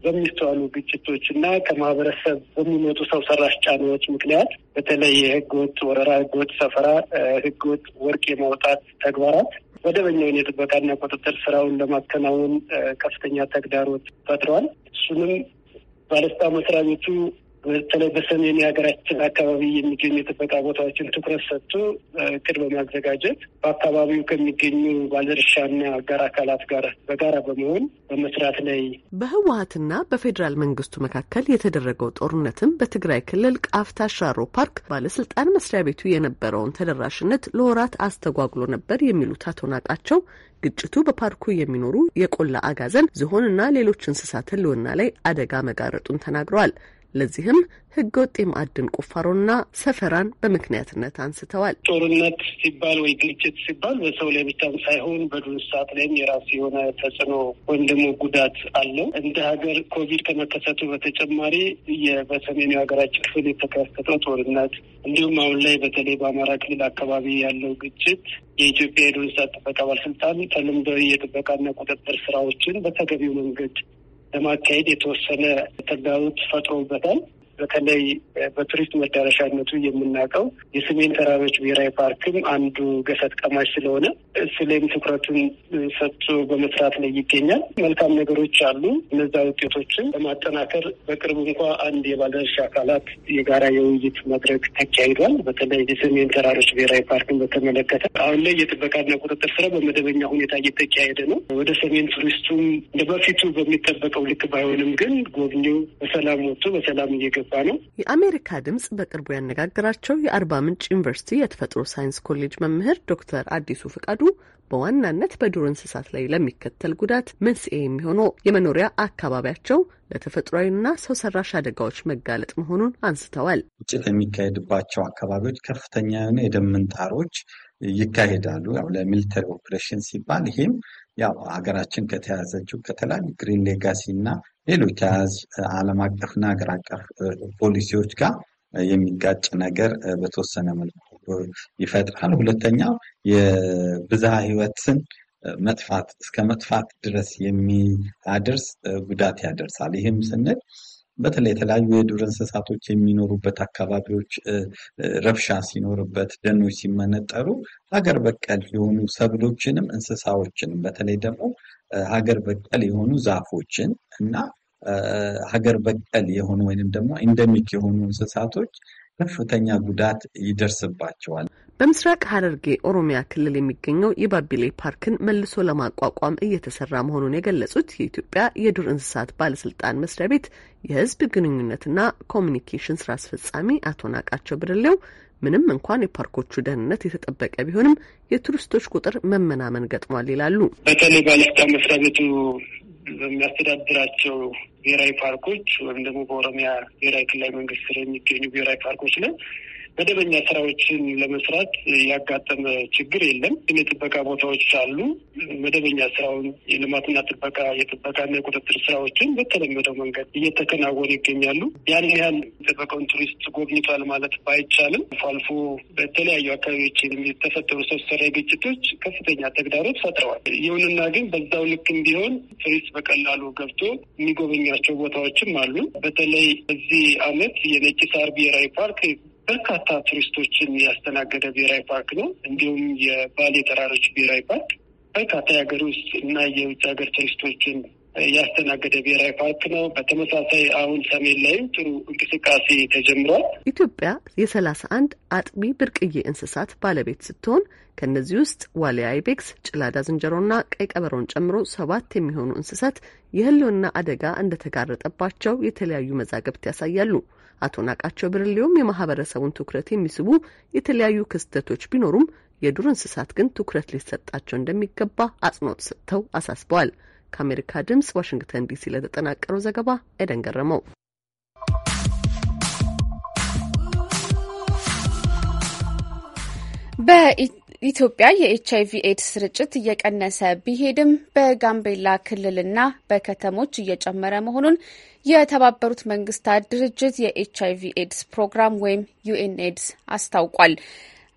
በሚስተዋሉ ግጭቶች እና ከማህበረሰብ በሚመጡ ሰው ሰራሽ ጫናዎች ምክንያት በተለይ የህገወጥ ወረራ፣ ህገወጥ ሰፈራ፣ ህገወጥ ወርቅ የማውጣት ተግባራት መደበኛውን የጥበቃና ቁጥጥር ስራውን ለማከናወን ከፍተኛ ተግዳሮት ፈጥሯል። እሱንም ባለስልጣን መስሪያ ቤቱ በተለይ በሰሜን የሀገራችን አካባቢ የሚገኙ የጥበቃ ቦታዎችን ትኩረት ሰጥቶ እቅድ በማዘጋጀት በአካባቢው ከሚገኙ ባለድርሻና አጋር አካላት ጋር በጋራ በመሆን በመስራት ላይ በህወሀትና በፌዴራል መንግስቱ መካከል የተደረገው ጦርነትም በትግራይ ክልል ቃፍታ ሻሮ ፓርክ ባለስልጣን መስሪያ ቤቱ የነበረውን ተደራሽነት ለወራት አስተጓጉሎ ነበር የሚሉት አቶ ናቃቸው ግጭቱ በፓርኩ የሚኖሩ የቆላ አጋዘን ዝሆንና ሌሎች እንስሳት ህልውና ላይ አደጋ መጋረጡን ተናግረዋል። ለዚህም ወጥ የማዕድን ቁፋሮና ሰፈራን በምክንያትነት አንስተዋል። ጦርነት ሲባል ወይ ግጭት ሲባል በሰው ላይ ብቻም ሳይሆን በዱር እንስሳት ላይም የራሱ የሆነ ተጽዕኖ ወይም ደግሞ ጉዳት አለው። እንደ ሀገር ኮቪድ ከመከሰቱ በተጨማሪ በሰሜኑ ሀገራችን ክፍል የተከሰተው ጦርነት እንዲሁም አሁን ላይ በተለይ በአማራ ክልል አካባቢ ያለው ግጭት የኢትዮጵያ የዱር እንስሳት ጥበቃ ባለስልጣን ተለምዶ የጥበቃና ቁጥጥር ስራዎችን በተገቢው መንገድ ለማካሄድ የተወሰነ ተግዳሮት ፈጥሮበታል። በተለይ በቱሪስት መዳረሻነቱ የምናውቀው የሰሜን ተራሮች ብሔራዊ ፓርክም አንዱ ገሰት ቀማሽ ስለሆነ ስለም ትኩረቱን ሰጥቶ በመስራት ላይ ይገኛል። መልካም ነገሮች አሉ። እነዛ ውጤቶችን በማጠናከር በቅርቡ እንኳ አንድ የባለድርሻ አካላት የጋራ የውይይት መድረክ ተካሂዷል። በተለይ የሰሜን ተራሮች ብሔራዊ ፓርክን በተመለከተ አሁን ላይ የጥበቃና ቁጥጥር ስራ በመደበኛ ሁኔታ እየተካሄደ ነው። ወደ ሰሜን ቱሪስቱም በፊቱ በሚጠበቀው ልክ ባይሆንም ግን ጎብኚው በሰላም ወጥቶ በሰላም እየገ የሚገባ ነው። የአሜሪካ ድምጽ በቅርቡ ያነጋገራቸው የአርባ ምንጭ ዩኒቨርሲቲ የተፈጥሮ ሳይንስ ኮሌጅ መምህር ዶክተር አዲሱ ፍቃዱ በዋናነት በዱር እንስሳት ላይ ለሚከተል ጉዳት መንስኤ የሚሆነው የመኖሪያ አካባቢያቸው ለተፈጥሯዊና ሰው ሰራሽ አደጋዎች መጋለጥ መሆኑን አንስተዋል። ግጭት የሚካሄድባቸው አካባቢዎች ከፍተኛ የሆነ የደም ምንጣሮች ይካሄዳሉ። ያው ለሚሊተሪ ኦፕሬሽን ሲባል ይሄም ያው ሀገራችን ከተያዘችው ከተለያዩ ግሪን ሌጋሲ እና ሌሎች አለም ዓለም አቀፍና ሀገር አቀፍ ፖሊሲዎች ጋር የሚጋጭ ነገር በተወሰነ መልኩ ይፈጥራል። ሁለተኛው የብዝሃ ህይወትን መጥፋት እስከ መጥፋት ድረስ የሚያደርስ ጉዳት ያደርሳል። ይህም ስንል በተለይ የተለያዩ የዱር እንስሳቶች የሚኖሩበት አካባቢዎች ረብሻ ሲኖርበት፣ ደኖች ሲመነጠሩ ሀገር በቀል የሆኑ ሰብሎችንም እንስሳዎችንም በተለይ ደግሞ ሀገር በቀል የሆኑ ዛፎችን እና ሀገር በቀል የሆኑ ወይንም ደግሞ ኢንደሚክ የሆኑ እንስሳቶች ከፍተኛ ጉዳት ይደርስባቸዋል። በምስራቅ ሐረርጌ ኦሮሚያ ክልል የሚገኘው የባቢሌ ፓርክን መልሶ ለማቋቋም እየተሰራ መሆኑን የገለጹት የኢትዮጵያ የዱር እንስሳት ባለስልጣን መስሪያ ቤት የሕዝብ ግንኙነትና ኮሚኒኬሽን ስራ አስፈጻሚ አቶ ናቃቸው ብርሌው ምንም እንኳን የፓርኮቹ ደህንነት የተጠበቀ ቢሆንም የቱሪስቶች ቁጥር መመናመን ገጥሟል ይላሉ። በተለይ ባለስልጣን መስሪያ ቤቱ በሚያስተዳድራቸው ብሔራዊ ፓርኮች ወይም ደግሞ በኦሮሚያ ብሔራዊ ክልላዊ መንግስት ስር የሚገኙ ብሔራዊ ፓርኮች ላይ መደበኛ ስራዎችን ለመስራት ያጋጠመ ችግር የለም። ግን የጥበቃ ቦታዎች አሉ። መደበኛ ስራውን የልማትና ጥበቃ የጥበቃና የቁጥጥር ስራዎችን በተለመደው መንገድ እየተከናወኑ ይገኛሉ። ያን ያህል የጠበቀውን ቱሪስት ጎብኝቷል ማለት ባይቻልም አልፎ አልፎ በተለያዩ አካባቢዎች የተፈጠሩ ሰው ሰራሽ ግጭቶች ከፍተኛ ተግዳሮት ፈጥረዋል። ይሁንና ግን በዛው ልክ እንዲሆን ቱሪስት በቀላሉ ገብቶ የሚጎበኛቸው ቦታዎችም አሉ። በተለይ በዚህ አመት የነጭ ሳር ብሔራዊ ፓርክ በርካታ ቱሪስቶችን ያስተናገደ ብሔራዊ ፓርክ ነው። እንዲሁም የባሌ ተራሮች ብሔራዊ ፓርክ በርካታ የሀገር ውስጥ እና የውጭ ሀገር ቱሪስቶችን ያስተናገደ ብሔራዊ ፓርክ ነው። በተመሳሳይ አሁን ሰሜን ላይም ጥሩ እንቅስቃሴ ተጀምሯል። ኢትዮጵያ የሰላሳ አንድ አጥቢ ብርቅዬ እንስሳት ባለቤት ስትሆን ከእነዚህ ውስጥ ዋሊያ አይቤክስ፣ ጭላዳ ዝንጀሮና ቀይ ቀበሮን ጨምሮ ሰባት የሚሆኑ እንስሳት የህልውና አደጋ እንደተጋረጠባቸው የተለያዩ መዛግብት ያሳያሉ። አቶ ናቃቸው ብርሌውም የማህበረሰቡን ትኩረት የሚስቡ የተለያዩ ክስተቶች ቢኖሩም የዱር እንስሳት ግን ትኩረት ሊሰጣቸው እንደሚገባ አጽንኦት ሰጥተው አሳስበዋል። ከአሜሪካ ድምጽ ዋሽንግተን ዲሲ ለተጠናቀረው ዘገባ ኤደን ገረመው። በ ኢትዮጵያ የኤች አይቪ ኤድስ ስርጭት እየቀነሰ ቢሄድም በጋምቤላ ክልልና በከተሞች እየጨመረ መሆኑን የተባበሩት መንግስታት ድርጅት የኤች አይቪ ኤድስ ፕሮግራም ወይም ዩኤን ኤድስ አስታውቋል።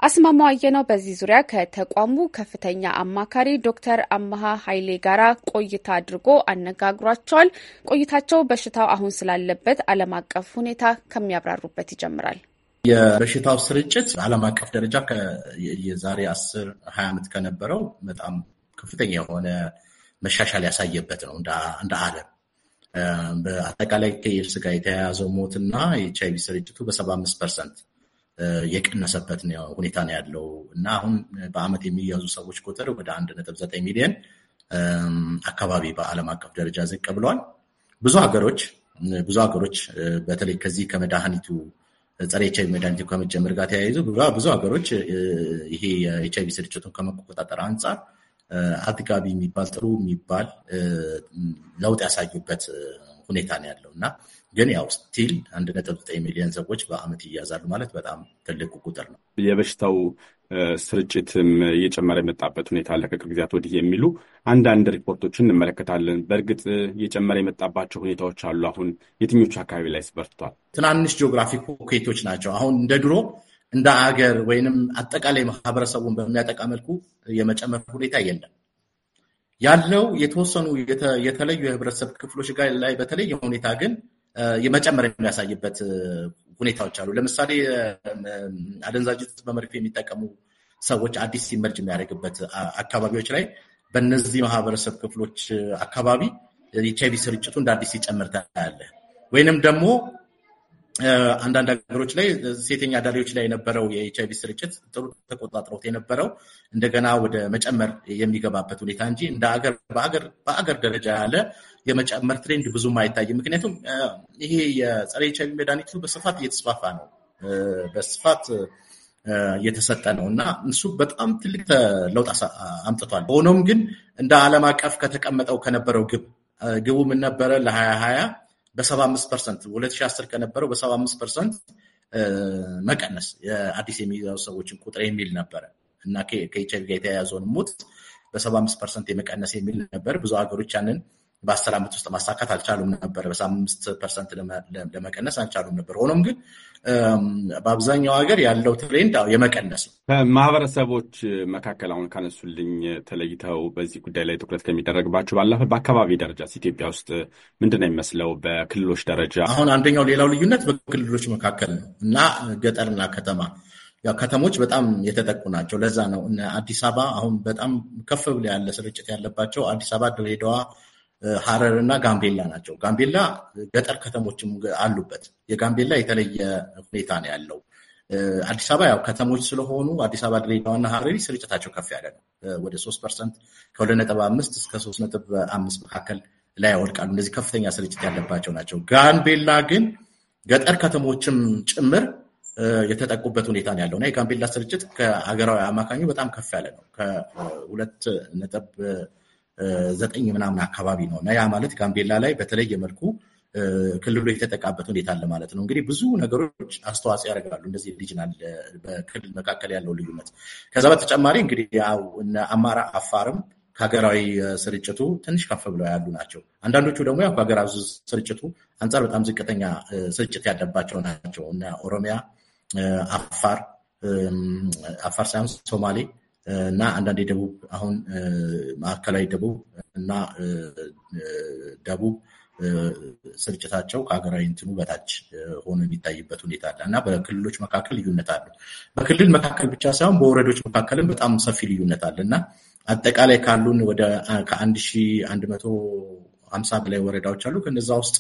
አስማማው አየነው በዚህ ዙሪያ ከተቋሙ ከፍተኛ አማካሪ ዶክተር አመሃ ኃይሌ ጋራ ቆይታ አድርጎ አነጋግሯቸዋል። ቆይታቸው በሽታው አሁን ስላለበት ዓለም አቀፍ ሁኔታ ከሚያብራሩበት ይጀምራል። የበሽታው ስርጭት ዓለም አቀፍ ደረጃ የዛሬ አስር ሀያ ዓመት ከነበረው በጣም ከፍተኛ የሆነ መሻሻል ያሳየበት ነው እንደ ዓለም በአጠቃላይ ከኤድስ ጋር የተያያዘው ሞት እና የኤች አይቪ ስርጭቱ በሰባ አምስት ፐርሰንት የቀነሰበት ሁኔታ ነው ያለው እና አሁን በአመት የሚያዙ ሰዎች ቁጥር ወደ አንድ ነጥብ ዘጠኝ ሚሊዮን አካባቢ በዓለም አቀፍ ደረጃ ዝቅ ብሏል። ብዙ ሀገሮች ብዙ ሀገሮች በተለይ ከዚህ ከመድኃኒቱ ጸረ ኤች አይቪ መድኃኒት ከመጀመር ጋር ተያይዞ ብዙ ሀገሮች ይሄ የኤች አይቪ ስርጭቱን ከመቆጣጠር አንጻር አጥጋቢ የሚባል ጥሩ የሚባል ለውጥ ያሳዩበት ሁኔታ ነው ያለው እና ግን ያው ስቲል አንድ ነጥብ ዘጠኝ ሚሊዮን ሰዎች በአመት ይያዛሉ ማለት በጣም ትልቅ ቁጥር ነው። የበሽታው ስርጭትም እየጨመረ የመጣበት ሁኔታ አለ ከቅርብ ጊዜያት ወዲህ የሚሉ አንዳንድ ሪፖርቶችን እንመለከታለን። በእርግጥ እየጨመረ የመጣባቸው ሁኔታዎች አሉ። አሁን የትኞቹ አካባቢ ላይ ስበርቷል? ትናንሽ ጂኦግራፊ ፖኬቶች ናቸው። አሁን እንደ ድሮ እንደ አገር ወይንም አጠቃላይ ማህበረሰቡን በሚያጠቃ መልኩ የመጨመር ሁኔታ የለም ያለው የተወሰኑ የተለዩ የህብረተሰብ ክፍሎች ላይ በተለየ ሁኔታ ግን የመጨመር የሚያሳይበት ሁኔታዎች አሉ። ለምሳሌ አደንዛዥ በመርፌ የሚጠቀሙ ሰዎች አዲስ ሲመርጅ የሚያደርግበት አካባቢዎች ላይ በእነዚህ ማህበረሰብ ክፍሎች አካባቢ የኤች አይቪ ስርጭቱ እንደ አዲስ ሲጨምር ወይንም ደግሞ አንዳንድ ሀገሮች ላይ ሴተኛ አዳሪዎች ላይ የነበረው የኤች አይቪ ስርጭት ተቆጣጥሮት የነበረው እንደገና ወደ መጨመር የሚገባበት ሁኔታ እንጂ እንደ ደረጃ ያለ የመጨመር ትሬንድ ብዙም አይታይም። ምክንያቱም ይሄ የጸረ ኤች አይቪ መድኃኒቱ በስፋት እየተስፋፋ ነው፣ በስፋት እየተሰጠ ነው እና እሱ በጣም ትልቅ ለውጥ አምጥቷል። ሆኖም ግን እንደ ዓለም አቀፍ ከተቀመጠው ከነበረው ግብ ግቡ ምን ነበረ ለሀያ ሀያ በ75 ፐርሰንት 2010 ከነበረው በ75 ፐርሰንት መቀነስ የአዲስ የሚይዛው ሰዎችን ቁጥር የሚል ነበረ እና ከኤችአይቪ ጋር የተያያዘውን ሞት በ75 ፐርሰንት የመቀነስ የሚል ነበር። ብዙ ሀገሮች ያንን በአስር ዓመት ውስጥ ማሳካት አልቻሉም ነበር። በአምስት ፐርሰንት ለመቀነስ አልቻሉም ነበር። ሆኖም ግን በአብዛኛው ሀገር ያለው ትሬንድ የመቀነስ ነው። ከማህበረሰቦች መካከል አሁን ካነሱልኝ ተለይተው በዚህ ጉዳይ ላይ ትኩረት ከሚደረግባቸው ባለፈ በአካባቢ ደረጃ ኢትዮጵያ ውስጥ ምንድን ነው የሚመስለው? በክልሎች ደረጃ አሁን አንደኛው ሌላው ልዩነት በክልሎች መካከል ነው እና ገጠርና ከተማ ከተሞች በጣም የተጠቁ ናቸው። ለዛ ነው አዲስ አበባ አሁን በጣም ከፍ ብሎ ያለ ስርጭት ያለባቸው አዲስ አበባ፣ ድሬዳዋ ሀረር እና ጋምቤላ ናቸው። ጋምቤላ ገጠር ከተሞችም አሉበት። የጋምቤላ የተለየ ሁኔታ ነው ያለው። አዲስ አበባ ያው ከተሞች ስለሆኑ አዲስ አበባ፣ ድሬዳዋና ሀረሪ ስርጭታቸው ከፍ ያለ ነው። ወደ ሶስት ፐርሰንት ከሁለት ነጥብ አምስት እስከ ሶስት ነጥብ አምስት መካከል ላይ ያወድቃሉ። እነዚህ ከፍተኛ ስርጭት ያለባቸው ናቸው። ጋምቤላ ግን ገጠር ከተሞችም ጭምር የተጠቁበት ሁኔታ ነው ያለው እና የጋምቤላ ስርጭት ከሀገራዊ አማካኙ በጣም ከፍ ያለ ነው ከሁለት ነጥብ ዘጠኝ ምናምን አካባቢ ነው እና ያ ማለት ጋምቤላ ላይ በተለየ መልኩ ክልሉ የተጠቃበት ሁኔታ አለ ማለት ነው። እንግዲህ ብዙ ነገሮች አስተዋጽኦ ያደርጋሉ እንደዚህ ሪጅናል በክልል መካከል ያለው ልዩነት። ከዛ በተጨማሪ እንግዲህ ያው እነ አማራ አፋርም ከሀገራዊ ስርጭቱ ትንሽ ከፍ ብለው ያሉ ናቸው። አንዳንዶቹ ደግሞ ያው ከሀገራዊ ስርጭቱ አንጻር በጣም ዝቅተኛ ስርጭት ያለባቸው ናቸው እና ኦሮሚያ፣ አፋር አፋር ሳይሆን ሶማሌ እና አንዳንድ የደቡብ አሁን ማዕከላዊ ደቡብ እና ደቡብ ስርጭታቸው ከሀገራዊ እንትኑ በታች ሆኖ የሚታይበት ሁኔታ አለ እና በክልሎች መካከል ልዩነት አለ። በክልል መካከል ብቻ ሳይሆን በወረዶች መካከልም በጣም ሰፊ ልዩነት አለ እና አጠቃላይ ካሉን ወደ ከአንድ ሺ አንድ መቶ ሀምሳ በላይ ወረዳዎች አሉ። ከነዛ ውስጥ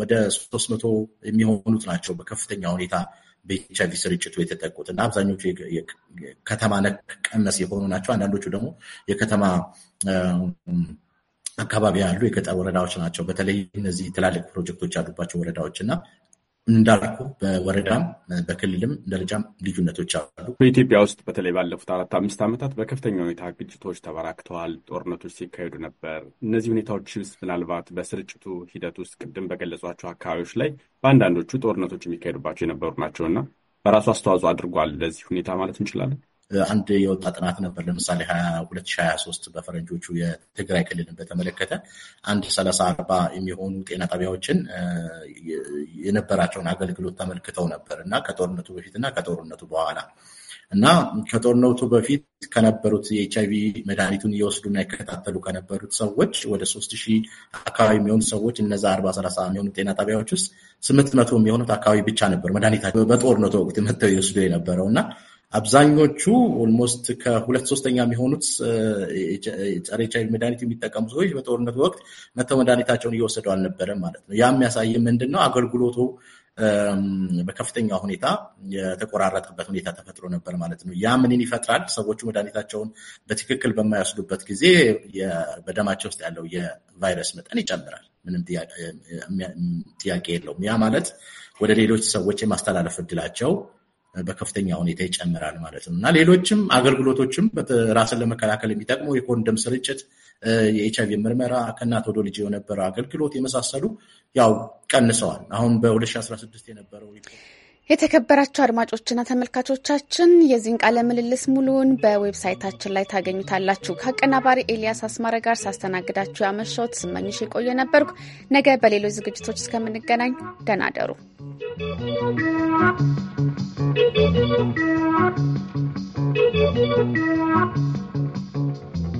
ወደ ሶስት መቶ የሚሆኑት ናቸው በከፍተኛ ሁኔታ በኤችአይቪ ስርጭቱ የተጠቁት እና አብዛኞቹ ከተማ ነክ ቀነስ የሆኑ ናቸው። አንዳንዶቹ ደግሞ የከተማ አካባቢ ያሉ የገጠር ወረዳዎች ናቸው። በተለይ እነዚህ ትላልቅ ፕሮጀክቶች ያሉባቸው ወረዳዎች እና እንዳልኩ በወረዳም በክልልም ደረጃም ልዩነቶች አሉ። በኢትዮጵያ ውስጥ በተለይ ባለፉት አራት አምስት ዓመታት በከፍተኛ ሁኔታ ግጭቶች ተበራክተዋል፣ ጦርነቶች ሲካሄዱ ነበር። እነዚህ ሁኔታዎችስ ምናልባት በስርጭቱ ሂደት ውስጥ ቅድም በገለጿቸው አካባቢዎች ላይ በአንዳንዶቹ ጦርነቶች የሚካሄዱባቸው የነበሩ እና በራሱ አስተዋጽኦ አድርጓል ለዚህ ሁኔታ ማለት እንችላለን። አንድ የወጣ ጥናት ነበር። ለምሳሌ 2023 በፈረንጆቹ የትግራይ ክልልን በተመለከተ አንድ 34 አርባ የሚሆኑ ጤና ጣቢያዎችን የነበራቸውን አገልግሎት ተመልክተው ነበር እና ከጦርነቱ በፊት እና ከጦርነቱ በኋላ እና ከጦርነቱ በፊት ከነበሩት የኤች አይቪ መድኃኒቱን እየወስዱና ይከታተሉ ከነበሩት ሰዎች ወደ ሶስት ሺህ አካባቢ የሚሆኑ ሰዎች እነዛ አርባ ሰላሳ የሚሆኑ ጤና ጣቢያዎች ውስጥ ስምንት መቶ የሚሆኑት አካባቢ ብቻ ነበር መድኃኒታቸው በጦርነቱ ወቅት መጥተው ይወስዱ የነበረው እና አብዛኞቹ ኦልሞስት ከሁለት ሶስተኛ የሚሆኑት ጸረ ኤች መድኃኒት የሚጠቀሙ ሰዎች በጦርነቱ ወቅት መተው መድኃኒታቸውን እየወሰዱ አልነበረም ማለት ነው። ያ የሚያሳይ ምንድን ነው? አገልግሎቱ በከፍተኛ ሁኔታ የተቆራረጠበት ሁኔታ ተፈጥሮ ነበር ማለት ነው። ያ ምንን ይፈጥራል? ሰዎቹ መድኃኒታቸውን በትክክል በማይወስዱበት ጊዜ በደማቸው ውስጥ ያለው የቫይረስ መጠን ይጨምራል። ምንም ጥያቄ የለውም። ያ ማለት ወደ ሌሎች ሰዎች የማስተላለፍ እድላቸው በከፍተኛ ሁኔታ ይጨምራል ማለት ነው እና ሌሎችም አገልግሎቶችም ራስን ለመከላከል የሚጠቅሙ የኮንደም ስርጭት፣ የኤች አይቪ ምርመራ፣ ከእናት ወደ ልጅ የነበረው አገልግሎት የመሳሰሉ ያው ቀንሰዋል። አሁን በ2016 የነበረው የተከበራቸው አድማጮችና ተመልካቾቻችን የዚህን ቃለ ምልልስ ሙሉውን በዌብሳይታችን ላይ ታገኙታላችሁ። ከአቀናባሪ ኤልያስ አስማረ ጋር ሳስተናግዳችሁ ያመሻውት ስመኝሽ የቆየ ነበርኩ። ነገ በሌሎች ዝግጅቶች እስከምንገናኝ ደህና ደሩ።